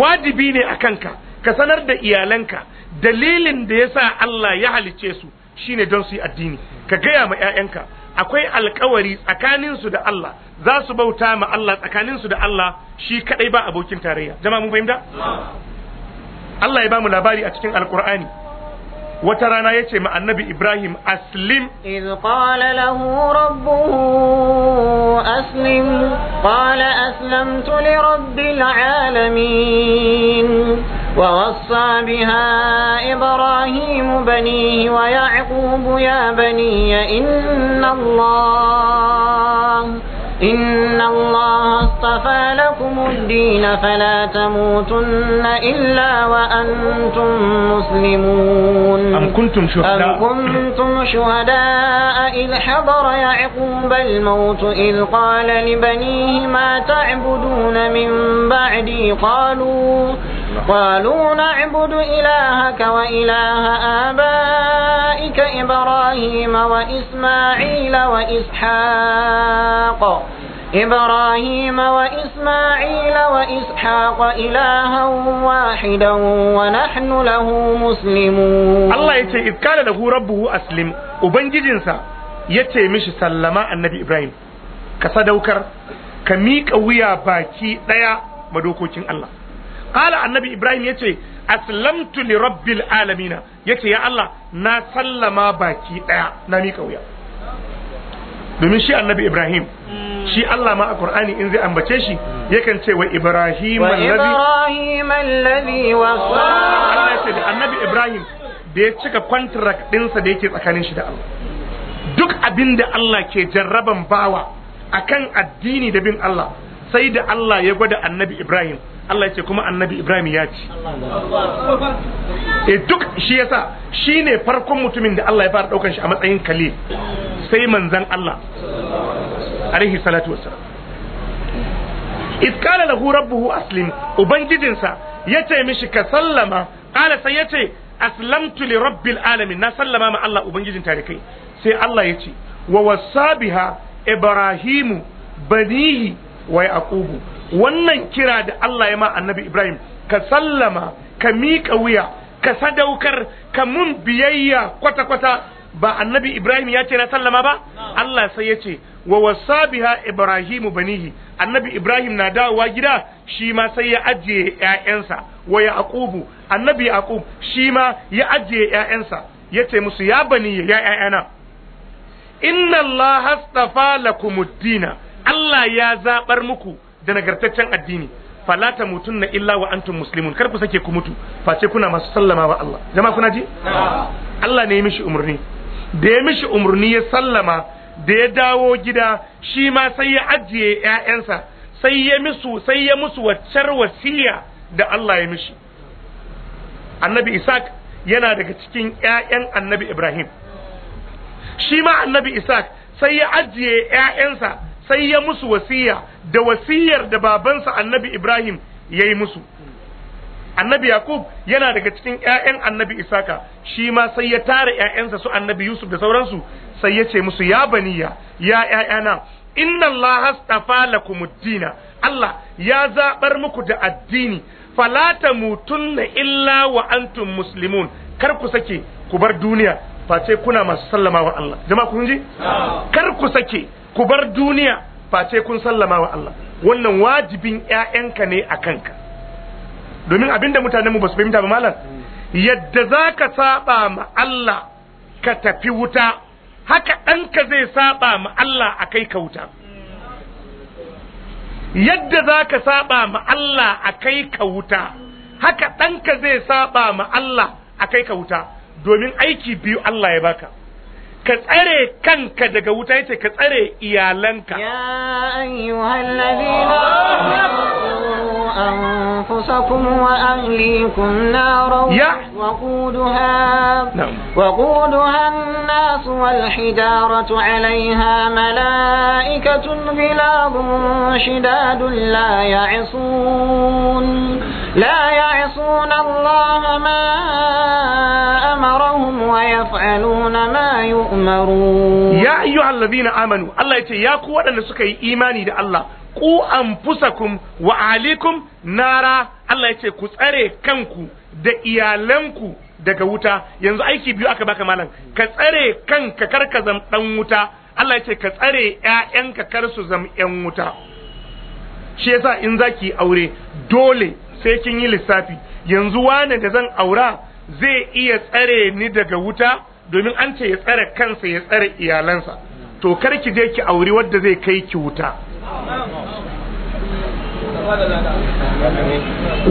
wajibi ne a kanka ka sanar da iyalanka dalilin da yasa Allah ya halice su shine don su yi addini ka gaya ma 'ya'yanka akwai alkawari tsakaninsu da Allah za su bauta ma Allah tsakaninsu da Allah shi kadai ba abokin tarayya jama'a mun fahimta Allah ya ba mu labari a cikin alkur'ani wata rana ya ce ma annabi Ibrahim aslim iz qala lahu rabbuhu aslim qala aslamtu li rabbil alamin ووصى بها إبراهيم بنيه ويعقوب يا بني إن الله إن الله اصطفى لكم الدين فلا تموتن إلا وأنتم مسلمون أم كنتم شهداء أم كنتم شهداء إذ حضر يعقوب الموت إذ قال لبنيه ما تعبدون من بعدي قالوا قالوا نعبد إلهك وإله آبائك وبارك إبراهيم وإسماعيل وإسحاق إبراهيم وإسماعيل وإسحاق إلها واحدا ونحن له مسلمون الله يتي إذ قال له ربه أسلم جنسا يتي مش سلما النبي إبراهيم كصدوكر كميك ويا باكي ديا مدوكوكين الله قال النبي إبراهيم يتي aslamtu li rabbil alamina yace ya Allah na sallama baki daya na mika wuya domin shi annabi Ibrahim shi Allah ma a Qur'ani in zai ambace shi yakan ce wa Ibrahim allazi Allah ce da annabi Ibrahim da ya cika contract ɗinsa da yake tsakanin shi da Allah duk abin da Allah ke jarraban bawa akan addini da bin Allah sai da Allah ya gwada annabi Ibrahim Allah ya ce kuma annabi Ibrahim ya ci e duk shi yasa ne farkon mutumin da Allah ya fara daukan shi a matsayin khalil sai manzan Allah alaihi salatu wassalam iskala lahu rabbuhu aslim ubangijinsa yace mishi ka sallama Kala sai yace aslamtu li rabbil alamin na sallama ma Allah ubangijin tarikai sai Allah yace wa wasabiha ibrahimu banihi wa yaqubu wannan kira da Allah ya ma annabi Ibrahim ka sallama ka miƙa wuya ka sadaukar ka mun biyayya kwata-kwata ba annabi Ibrahim ya ce na sallama ba Allah sai ya ce wa wasa biha Ibrahimu banihi annabi Ibrahim na dawowa gida shi ma sai ya ajiye ‘ya'yansa wa Yaqubu annabi Yaqub shi ma ya ajiye ‘ya'yansa ya ce musu ya bani ya ‘ya'yana inna Allah hastafa lakumuddina Allah ya zaɓar muku da nagartaccen addini fala ta mutun na illa wa antum muslimun kar ku sake ku mutu face kuna masu sallama wa Allah jama'a kuna ji Allah ne ya mishi umurni da ya mishi umurni ya sallama da ya dawo gida shi ma sai ya ajiye ƴaƴansa sai ya musu sai ya musu waccar wasiya da Allah ya mishi annabi Isaac yana daga cikin ƴaƴan annabi Ibrahim shi ma annabi Isaac sai ya ajiye ƴaƴansa sai ya musu wasiya da wasiyar da babansa annabi Ibrahim ya yi musu annabi Yakub yana daga cikin 'ya'yan annabi Isaka shi ma sai ya tara 'ya'yansa su annabi Yusuf da sauransu sai ya ce musu ya baniya ya ƴaƴana inna Allah astafa lakumuddina Allah ya zaɓar muku da addini fala tamutunna illa wa antum muslimun kar ku sake ku bar duniya face kuna masu sallama wa Allah jama'a kun ji kar ku sake ku bar duniya face kun sallama wa Allah wannan wajibin ƴaƴanka ne a kanka domin abinda mutanenmu ba su fahimta ba malam yadda za ka saba ma Allah ka tafi wuta haka ɗanka zai saɓa ma Allah a kai ka wuta yadda za ka saba ma Allah a kai ka wuta haka ɗanka zai saɓa ma Allah a kai ka wuta domin aiki biyu Allah ya baka ka tsare kanka daga wuta yace ka tsare iyalanka ya ayyuhal أنفسكم وأهليكم نارا وقودها وقودها الناس والحجارة عليها ملائكة غلاظ شداد لا يعصون لا يعصون الله ما يفعلون ما يؤمرون يا أيها الذين آمنوا الله يتي يا قوة لنسكي إيماني دا الله ku anfusakum وعليكم alikum nara Allah ya ce ku tsare kanku da iyalanku daga wuta yanzu aiki biyu aka baka malam ka tsare kanka kar ka zam dan wuta Allah ya ce ka tsare ƴaƴanka kar su zam ƴan wuta shi yasa in zaki aure dole sai kin yi lissafi yanzu wane da zan aura zai iya tsare ni daga wuta domin an ce ya tsare kansa ya tsare iyalansa to kar ki je ki auri wadda zai kai ki wuta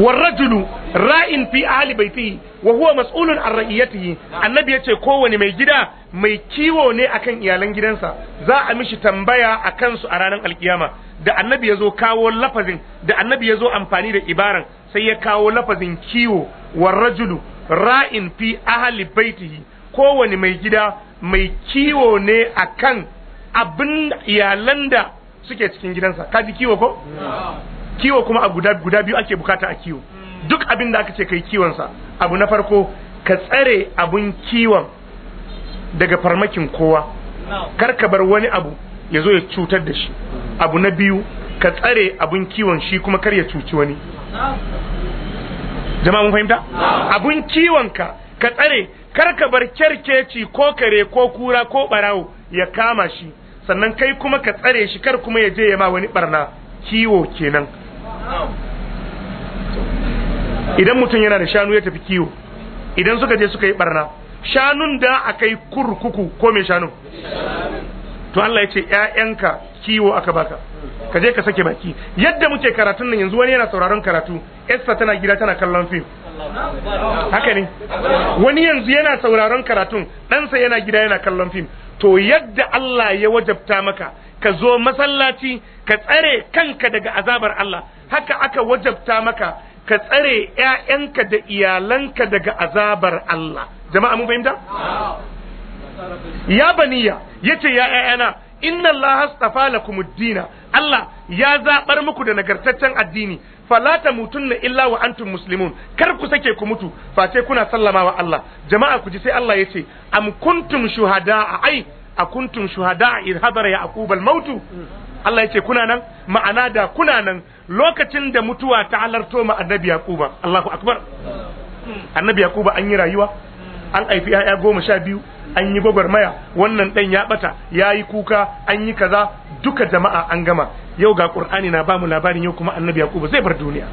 warrajulu ra'in fi ahli baitihi wa huwa mas'ulun an ra'iyatihi annabi yace kowane mai gida mai kiwo ne akan iyalan gidansa za a mishi tambaya akan su a ranar alkiyama da annabi yazo kawo lafazin da annabi yazo amfani da ibaran sai ya kawo lafazin kiwo warrajulu ra'in fi ahli baitihi kowane mai gida mai kiwo ne akan abin iyalan da suke cikin gidansa ka ji kiwo ko kiwo kuma a guda guda biyu ake bukata a kiwo duk abin da aka ce kai sa abu na farko ka tsare abun kiwon daga farmakin kowa kar ka bar wani abu ya zo ya cutar da shi abu na biyu ka tsare abun kiwon shi kuma kar ya cuci wani jama'a mun fahimta abun kiwonka ka tsare kar ka bar kerkeci ko kare ko kura ko barawo ya kama shi sannan kai kuma ka tsare shi kar kuma ya je ya ma wani barna kiwo kenan idan mutum yana da shanu ya tafi kiwo idan suka je suka yi barna shanun da akai kurkuku ko mai shanun to Allah ya ce ‘ya'yanka kiwo aka baka ka je ka sake baki yadda muke karatun nan yanzu wani yana sauraron karatu Esther tana gida tana kallon fim haka ne wani yanzu yana sauraron karatun ɗansa yana gida yana kallon fim to yadda Allah ya wajabta maka ka zo masallaci ka tsare kanka daga azabar Allah haka aka wajabta maka ka tsare ‘ya'yanka da iyalanka daga azabar Allah jama'a mun fahimta ya baniya yace ya yayana inna allaha astafa lakumuddina Allah ya zaɓar muku da nagartaccen addini fala na illa wa antum muslimun kar ku sake ku mutu face kuna sallama wa Allah jama'a ku ji sai Allah yace am kuntum a ai akuntum shuhada idh hadara yaqub al-maut Allah yace kuna nan ma'ana da kuna nan lokacin da mutuwa ta halarto ma annabi yaquba Allahu akbar annabi yaquba an yi rayuwa an haifi ya'ya goma sha biyu an yi maya. wannan ɗan ya ɓata ya yi kuka an yi kaza duka jama'a an gama yau ga ƙur'ani na bamu labarin yau kuma annabi yakubu zai bar duniya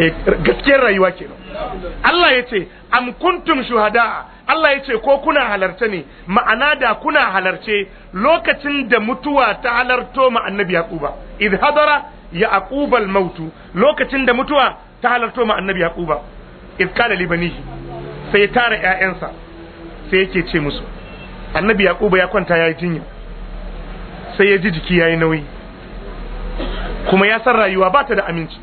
eh, gaskiyar rayuwa nan. Allah ya ce am kuntum shuhada Allah ya ce ko kuna halarta ne ma'ana da kuna halarce lokacin da mutuwa ta halarto ma annabi yakuba idhadara hadara yaqubal mautu lokacin da mutuwa ta halarto ma annabi Yaquba. idh kana libanihi sai ya tara ƴaƴansa sai yake ce musu annabi yaquba ya kwanta yayi jinya sai ya ji jiki yi nauyi kuma ya san rayuwa ba ta da aminci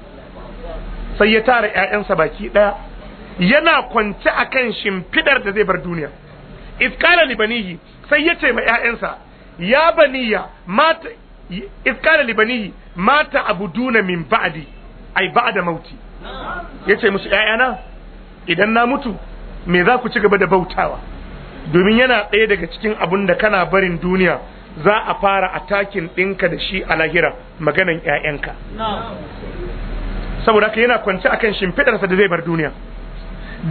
sai ya tara ƴaƴansa baki ɗaya. yana kwance akan shimfidar da zai bar duniya iskala libanihi sai ya ce ma ƴaƴansa ya baniya mata iskala libanihi mata abuduna min ba'di ai ba'da mauti yace musu ƴaƴana idan na mutu me za ku ci gaba da bautawa domin yana ɗaya daga cikin abun da kana barin duniya za a fara atakin ɗinka da shi a lahira maganan ‘ya'yanka saboda haka yana kwance akan shimfiɗarsa da zai bar duniya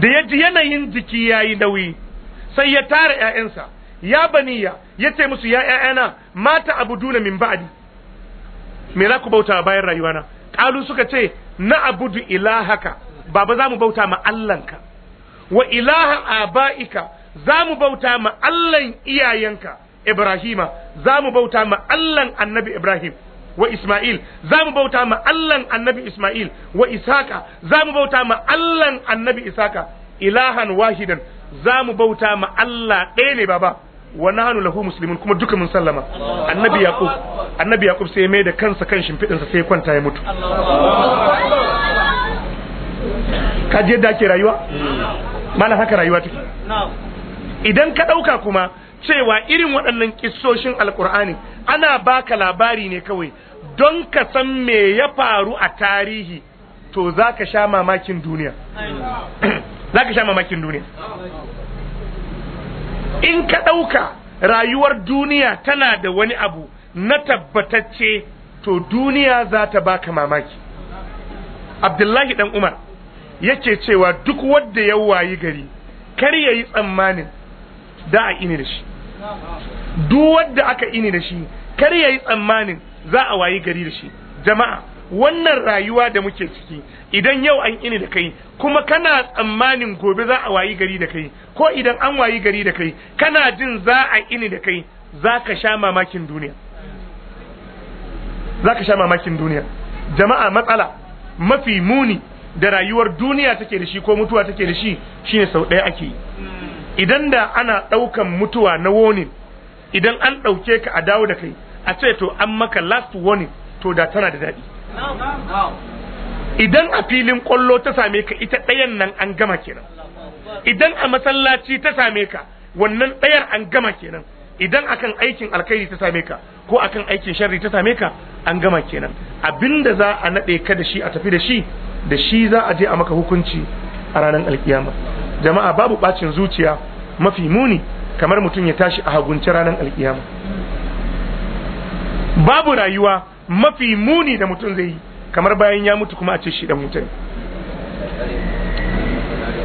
da ya ji yanayin jiki ya yi nauyi sai ya tara ‘ya'yansa ya baniya ya ce musu ya ‘ya'yana mata abu duna min ba'di me za ku bauta bayan rayuwana ƙalu suka ce na abudu ilahaka baba za mu bauta ma Allahnka wa ilaha aba'ika za mu bauta ma Allahn iyayenka Ibrahima za mu bauta ma Allahn annabi Ibrahim wa Ismail za mu bauta ma Allahn annabi Ismail wa Isaka za mu bauta ma Allahn annabi Isaka ilahan wahidan za mu bauta ma Allah ɗaya ne baba wa nahnu lahu muslimun kuma duka mun sallama annabi yaqub annabi yaqub sai ya mai da kansa kan shimfidin sa sai kwanta ya mutu ka je da ake rayuwa mana haka rayuwa take idan ka ɗauka kuma cewa irin waɗannan kissoshin alkur'ani ana baka labari ne kawai don ka san me ya faru a tarihi to za ka sha mamakin duniya za ka sha mamakin duniya in ka ɗauka rayuwar duniya tana da wani abu na tabbatacce to duniya za ta baka mamaki abdullahi dan umar yake cewa duk wanda ya wayi gari kar ya yi tsammanin da a ini da shi duk wanda aka ini da shi kar ya yi tsammanin za a wayi gari da shi jama'a wannan rayuwa da muke ciki idan yau an ini da kai kuma kana tsammanin gobe za a wayi gari da kai ko idan an wayi gari da kai kana jin za a ini da kai za ka sha mamakin duniya za ka sha mamakin duniya jama'a matsala mafi muni da rayuwar duniya take da shi ko mutuwa take da shi shine sau ɗaya ake yi idan da ana ɗaukan mutuwa na warning idan an ɗauke ka a dawo da kai a ce to an maka last warning to da tana da daɗi idan a filin ƙwallo ta same ka ita ɗayan nan an gama kenan idan a masallaci ta same ka wannan ɗayar an gama kenan idan akan aikin alkhairi ta same ka ko akan aikin sharri ta same ka an gama kenan abinda za a naɗe ka da shi a tafi da shi da shi za a je a maka hukunci a ranar alkiyama jama'a babu bacin zuciya mafi muni kamar mutum ya tashi a hagunci ranar alkiyama babu rayuwa mafi muni da mutum zai yi kamar bayan ya mutu kuma a ce shi dan mutum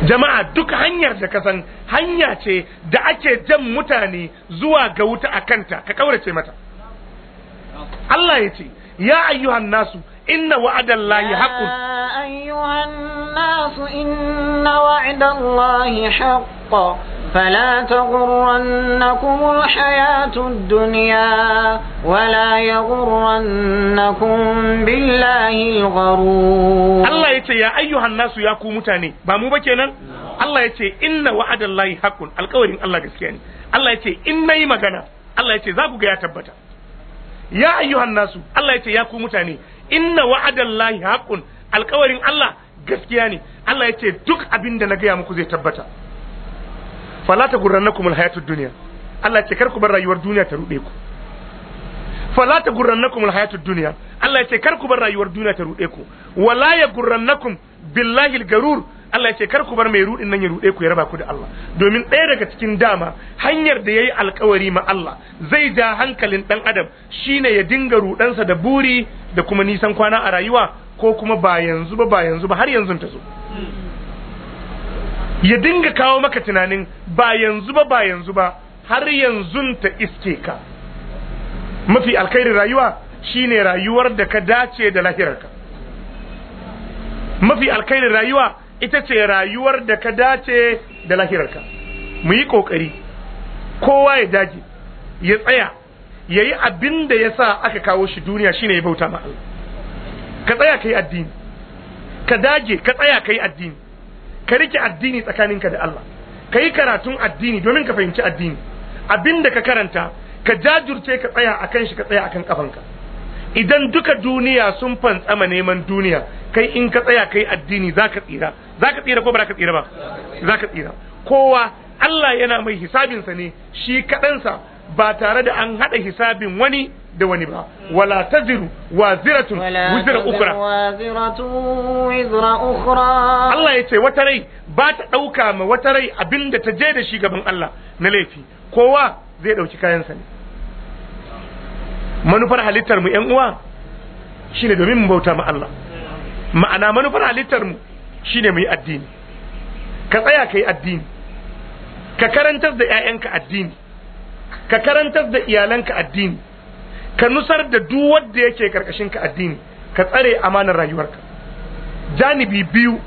jama'a duk hanyar da ka san hanya ce da ake jan mutane zuwa ga wuta a kanta ka kaurace mata Allah ya ce ya ayyuhan nasu inna wa'adallahi haqqun ayyuhan nas inna wa'adallahi haqqun فلا تغرنكم الحياة الدنيا ولا يغرنكم بالله الغرور الله يتي يا أيها الناس يا كومتاني بامو بكينا الله يتي إن وعد الله حق القول الله كسكياني الله يتي إني مغانا الله يتي ذاكو يا تبتا يا أيها الناس الله يتي يا كومتاني inna wa'adallahi haqqun alƙawarin Allah gaskiya ne Allah yace duk abin da na gaya muku zai tabbata fala ta gurrannakum alhayatud dunya Allah yace kar ku bar rayuwar duniya ta rube ku fala ta gurrannakum alhayatud dunya Allah yace kar ku bar rayuwar duniya ta rube ku wala ya gurrannakum billahi algarur Allah ya ce kar ku bar mai rudin nan ya rude ku ya raba ku da Allah domin ɗaya daga cikin dama hanyar da yayi alkawari ma Allah zai ja hankalin dan adam shine ya dinga rudansa da buri da kuma nisan kwana a rayuwa ko kuma ba yanzu ba ba yanzu ba har yanzu ta zo ya dinga kawo maka tunanin ba yanzu ba ba yanzu ba har yanzu ta iske ka mafi alkhairin rayuwa shine rayuwar da ka dace da lahirarka mafi alkhairin rayuwa ita ce rayuwar da ka dace da lahirarka mu yi ƙoƙari kowa ya dage ya tsaya ya yi abin da ya sa aka kawo shi duniya shine ya bauta ma Allah ka tsaya ka yi addini ka dage ka tsaya ka yi addini ka rike addini tsakaninka da Allah ka yi karatun addini domin ka fahimci addini abin da ka karanta ka jajirce ka tsaya akan shi ka tsaya akan kafanka idan duka duniya sun fantsama neman duniya kai in ka tsaya kai addini za ka tsira za ka tsira ko ba za ka tsira ba za ka tsira kowa Allah yana mai hisabinsa ne shi kaɗansa ba tare da an haɗa hisabin wani da wani ba wala taziru waziratun wuzira ukura. Allah ya ce wata rai ba ta ɗauka ma wata rai abinda ta je da shi gaban Allah na laifi kowa zai ɗauki kayansa ne manufar halittar mu ƴan uwa shine domin mu bauta ma Allah ma'ana manufar halittar mu shine mu yi addini ka tsaya ka yi addini ka karantar da ƴaƴanka addini ka karantar da iyalanka addini ka nusar da duk wanda yake karkashin ka addini ka tsare amanar rayuwarka janibi biyu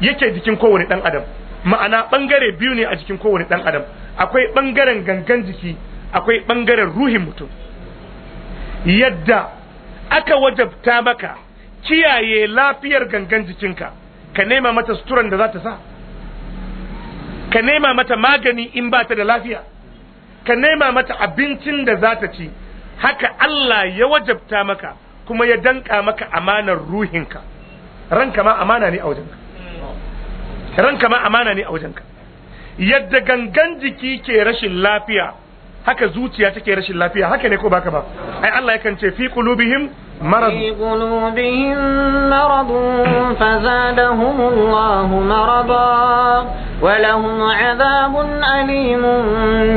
yake jikin kowane dan adam ma'ana bangare biyu ne a jikin kowane dan adam akwai bangaren gangan jiki akwai bangaren ruhin mutum yadda aka wajabta maka kiyaye lafiyar gangan jikinka ka nema mata suturan da za ta sa ka nema mata magani in ba ta da lafiya ka nema mata abincin da za ta ci haka Allah ya wajabta maka kuma ya danka maka amanar ruhinka ranka ma amana ne a wajenka ranka ma amana ne a wajenka yadda gangan jiki ke rashin lafiya haka zuciya take rashin lafiya haka ne ko baka ba ai Allah yakan ce fi qulubihim مرض في قلوبهم مرض فزادهم الله مرضا ولهم عذاب أليم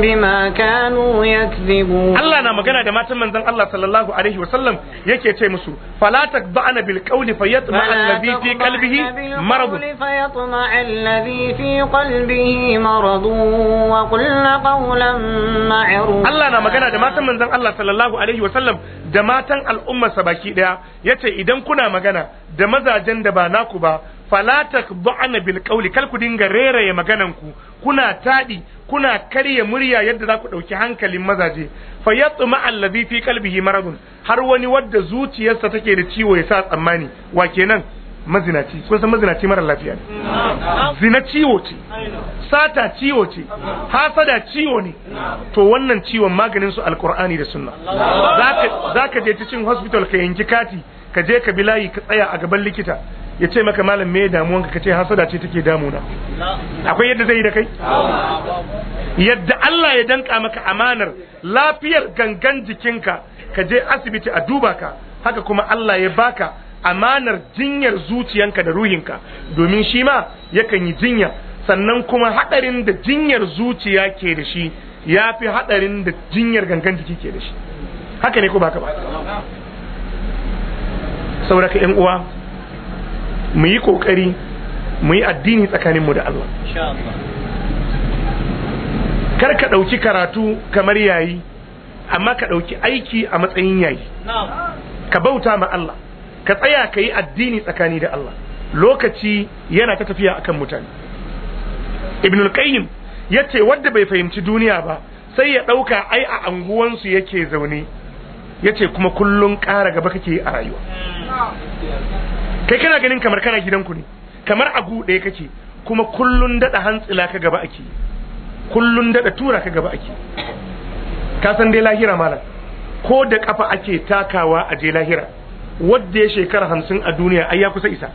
بما كانوا يكذبون الله نعم كان دما تمن الله صلى الله عليه وسلم يكي تيمسو فلا تخضعن بالقول فيطمع الذي في قلبه مرض فيطمع الذي في قلبه مرض وقلن قولا معروفا الله نعم كان دما تمن الله صلى الله عليه وسلم da matan al'ummarsa baki daya yace idan kuna magana da mazajen da ba naku ba falatak takda'na bil qawli kal ku dinga reraye maganan ku kuna tadi kuna karya murya yadda za ku dauki hankalin mazaje fa yatma allazi fi qalbihi maradun har wani wadda zuciyarsa take da ciwo ya sa tsammani wa kenan mazinaci kun san mazinaci mara lafiya ne zina ciwo ce sata ciwo ce hasada ciwo ne to wannan ciwon maganin su alqur'ani da sunna zaka zaka je cikin hospital ka yanki kati ka je ka bi layi ka tsaya a gaban likita ya ce maka malam me damuwan ka kace hasada ce take damuna akwai yadda zai yi da kai yadda Allah ya danka maka amanar lafiyar gangan jikinka ka je asibiti a duba ka haka kuma Allah ya baka amanar jinyar zuciyanka da ruhinka domin shi ma yakan yi jinya sannan kuma hadarin da jinyar zuciya ke da shi ya fi hadarin da jinyar gangan jiki ke da shi haka ne ko baka ba saboda ka yan uwa mu yi kokari mu yi addini tsakaninmu da Allah kar ka ɗauki karatu kamar yayi amma ka ɗauki aiki a matsayin yayi ka bauta ma Allah ka tsaya ka yi addini tsakani da Allah lokaci yana ta tafiya akan mutane ibn al-qayyim yace wanda bai fahimci duniya ba sai ya ɗauka ai a anguwansu yake zaune yace kuma kullum ƙara gaba kake a rayuwa hmm. kai kana ganin kamar kana gidanku ne kamar a gude kake kuma kullun daɗa hantsila ka gaba ake kullun daɗa tura ka gaba ake ka san dai lahira malam ko da kafa ake takawa a je lahira wadda ya shekara 50 a duniya ai ya kusa isa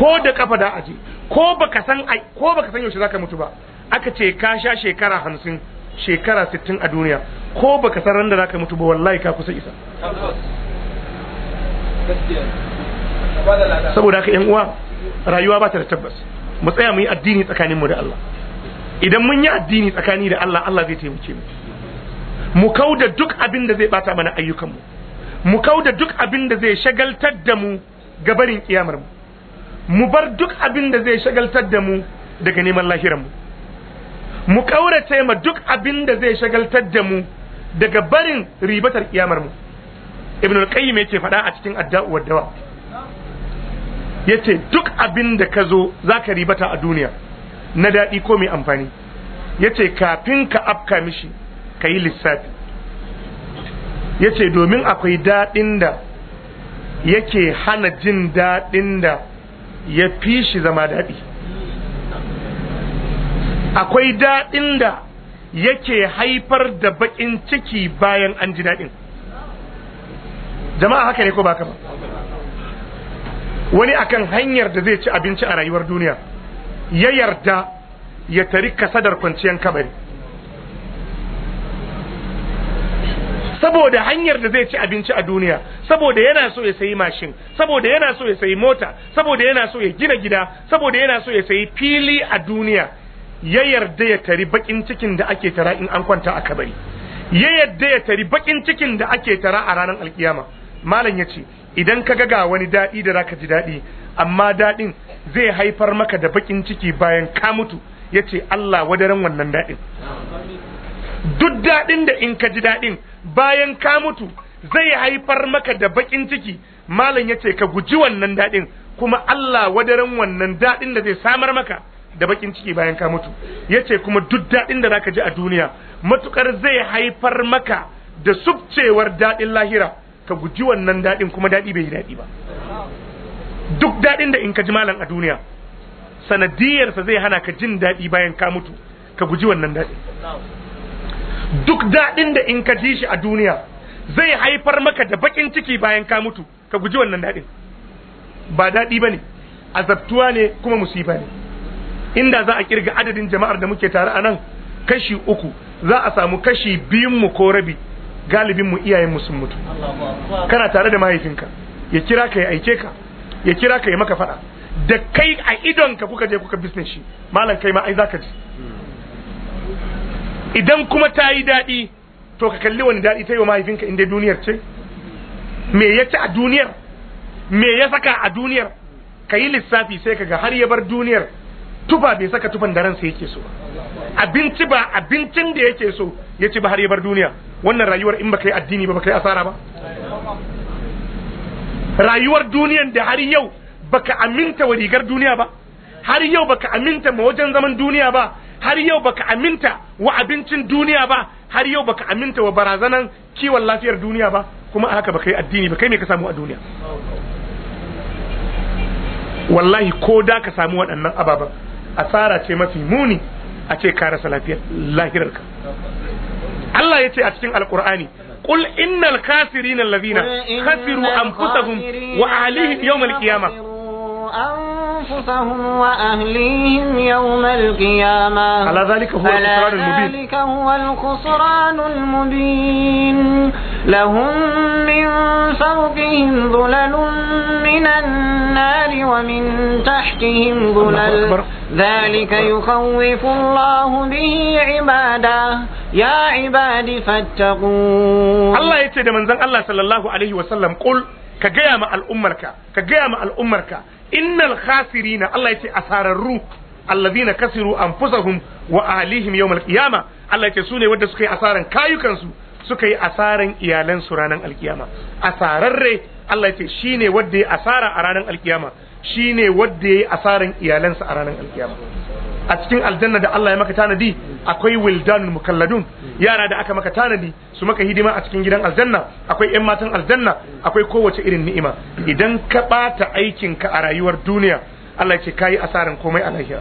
ko da kafa da aje ko baka san ai ko baka san yaushe zaka mutu ba aka ce ka sha shekara 50 shekara sittin a duniya ko baka san randa zaka mutu ba wallahi ka kusa isa saboda haka yan uwa rayuwa ba ta da tabbas mu tsaya mu yi addini tsakanin mu da Allah idan mun yi addini tsakani da Allah Allah zai taimake mu mu kauda duk abin da zai bata mana ayyukan mu mu kauda duk abin da zai shagaltar da mu gabarin kiyamar mu mu bar duk abin da zai shagaltar da mu daga neman lahiran mu mu kaurace ma duk abin da zai shagaltar da mu daga barin ribatar kiyamar mu ibn qayyim yake faɗa a cikin addu'ar dawa yace duk abin da ka zo za ka ribata a duniya na daɗi ko mai amfani yace kafin ka afka mishi ka yi lissafi yace domin akwai daɗin da yake hana jin daɗin da ya fi shi zama daɗi akwai daɗin da yake haifar da baƙin ciki bayan an ji daɗin jama'a haka ne ko ba ka ba wani akan hanyar da zai ci abinci a rayuwar duniya ya yarda ya tari kasadar kwanciyar kabari saboda hanyar da zai ci abinci a duniya saboda yana so ya sayi mashin saboda yana so ya sayi mota saboda yana so ya gina gida saboda yana so ya sayi fili a duniya ya yarda ya tari bakin cikin da ake tara in an kwanta a kabari ya yarda ya tari bakin cikin da ake tara a ranar alkiyama malam ya ce idan ka ga wani daɗi da zaka ji daɗi amma daɗin zai haifar maka da bakin ciki bayan ka mutu ya ce Allah wadaran wannan daɗin duk daɗin da in ka ji daɗin bayan ka mutu zai haifar maka da bakin ciki malam ya ce ka guji wannan daɗin kuma Allah wadaran wannan daɗin da zai samar maka da bakin ciki bayan ka mutu ya ce kuma duk daɗin da zaka ji a duniya matukar zai haifar maka da subcewar daɗin lahira ka guji wannan daɗin kuma daɗi bai yi daɗi ba duk daɗin da in ka ji malam a duniya sanadiyarsa zai hana ka jin daɗi bayan ka mutu ka guji wannan daɗi duk daɗin da in ka ji shi a duniya zai haifar maka da bakin ciki bayan ka mutu ka guji wannan daɗin ba daɗi ba ne azabtuwa ne kuma musiba ne inda za a kirga adadin jama'ar da muke tare a nan kashi uku za a samu kashi biyun mu ko rabi galibin mu iyayen mu sun mutu kana tare da mahaifinka ya kira ka ya aike ka ya kira ka ya maka fada da kai a idon ka kuka je kuka bisne shi malam kai ma ai zaka ji idan kuma ta yi daɗi to ka kalli wani daɗi ta yi wa mahaifinka inda duniyar ce me ya ci a duniyar me ya saka a duniyar ka yi lissafi sai ka ga har ya bar duniyar tufa bai saka tufan da ransa yake so abinci ba abincin da yake so ya ci ba har ya bar duniya wannan rayuwar in baka addini ba baka asara ba rayuwar duniyan da har yau baka aminta wa rigar duniya ba har yau baka aminta ma wajen zaman duniya ba har yau baka aminta wa abincin duniya ba har yau baka aminta wa barazanan kiwon lafiyar duniya ba kuma a haka baka yi addini ba kai me ka samu a duniya wallahi ko da ka samu waɗannan ababen asara ce mafi muni a ce ka rasa lafiyar lahirarka Allah ya ce a cikin alkur'ani قل إن الكافرين الذين خسروا أنفسهم وأهليهم يوم القيامة أنفسهم وأهليهم يوم القيامة على ذلك هو الخسران المبين ذلك هو الخسران المبين لهم من فوقهم ظلل من النار ومن تحتهم ظلل ذلك يخوف الله به عباده يا عبادي فاتقون الله يتدى من ذن الله صلى الله عليه وسلم قل كجيام gaya كجيام al'ummarka innal khasirina Allah yace asararru allazina kasiru anfusahum wa ahlihim yawm alqiyama Allah yace sune wanda suka yi asaran kayukansu suka yi asaran iyalansu ranar alkiyama asararre Allah yace shine wanda ya asara a ranar alkiyama shine wanda ya yi asaran iyalansa a ranar alkiyama a cikin aljanna da Allah ya maka tanadi akwai wildanul mukalladun yara da aka maka tanadi su maka hidima a cikin gidan aljanna akwai ƴan matan aljanna akwai kowace irin ni'ima idan ka bata aikin ka a rayuwar duniya Allah ya ce kayi asaran komai a lahira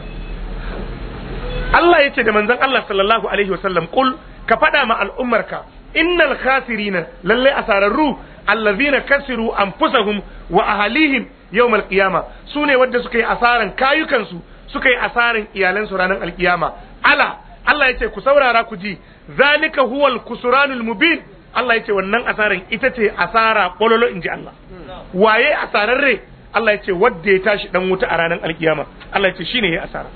Allah ya ce da manzon Allah sallallahu alaihi wasallam kul ka faɗa ma al'ummarka innal khasirina lalle asararru allazina kasiru anfusahum wa ahlihim yawmal su sune wanda suka yi asaran kayukansu suka yi asarin iyalansu ranar alkiyama ala Allah ya ce ku saurara ku ji zalika huwal kusuranul mubin Allah ya ce wannan asarin ita ce asara kololo in ji Allah waye asararre Allah ya ce wadda ya tashi dan wuta a ranar alkiyama Allah ya ce shine ya asara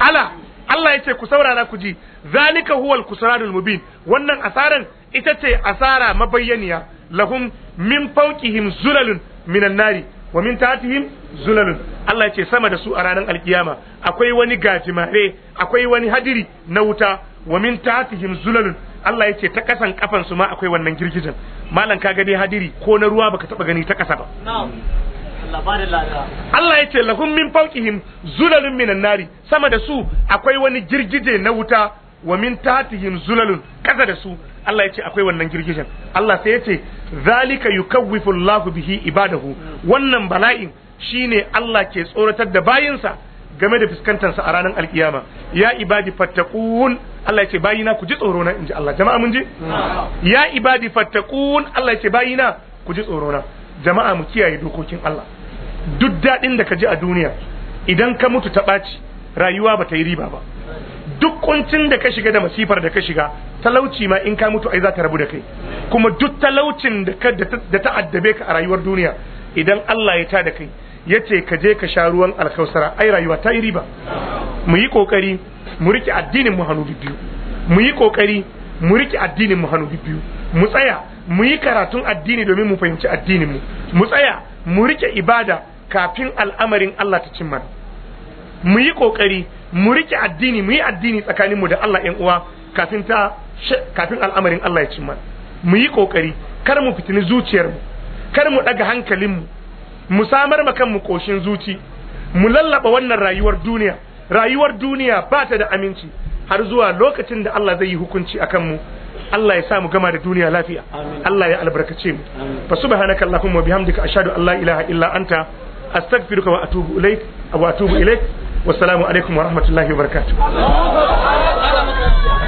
ala Allah ya ce ku saurara ku ji zalika huwal kusuranul mubin wannan asaran ita ce asara mabayyaniya lahum min fawqihim zulalun minan nari wa min tatihim zulalun Allah yace sama da su a ranar alkiyama akwai wani gajimare akwai wani hadiri na wuta wa min tatihim zulalun Allah yace ta kasan kafan su ma akwai wannan girgijin malam ka gani hadiri ko na ruwa baka taba gani ta kasa ba Allah yace lahum min fawqihim zulalun minan nari sama da su akwai wani girgije na wuta wa min tatihim zulalun kasa da su Allah ya ce akwai wannan girgijen. Allah sai ya ce zalika yukawwifu Allah bihi ibadahu wannan bala'in shine Allah ke tsoratar da bayinsa game da fuskantarsa a ranar alkiyama ya ibadi fattaqun Allah ya ce bayina ku ji tsoro na inji Allah jama'a mun ji ya ibadi fattaqun Allah ya ce bayina ku ji tsoro na jama'a mu kiyaye dokokin Allah duk dadin da ka ji a duniya idan ka mutu ta ɓaci rayuwa ba ta yi riba ba duk kuncin da ka shiga da masifar da ka shiga talauci ma in ka mutu ai za ta rabu da kai kuma duk talaucin da ka da ta addabe ka a rayuwar duniya idan Allah ya ta da kai yace ka je ka sha ruwan alkausara ai rayuwa ta yi riba mu yi kokari mu rike addinin mu hannu biyu mu yi kokari mu rike addinin mu hannu biyu mu tsaya mu yi karatun addini domin mu fahimci addinin mu mu tsaya mu rike ibada kafin al'amarin Allah ta cimma mu yi kokari mu rike addini mu yi addini tsakanin mu da Allah yan uwa kafin ta kafin al'amarin Allah ya cimma mu yi kokari kar mu fitini zuciyar mu kar mu daga hankalin mu mu samar ma kanmu koshin zuci mu lallaba wannan rayuwar duniya rayuwar duniya ba ta da aminci har zuwa lokacin da Allah zai yi hukunci akan mu Allah ya sa mu gama da duniya lafiya Allah ya albarkace mu fa subhanaka allahumma wa bihamdika ashhadu an la ilaha illa anta astaghfiruka wa atubu ilaik wa atubu ilaik wassalamu alaikum wa rahmatullahi wa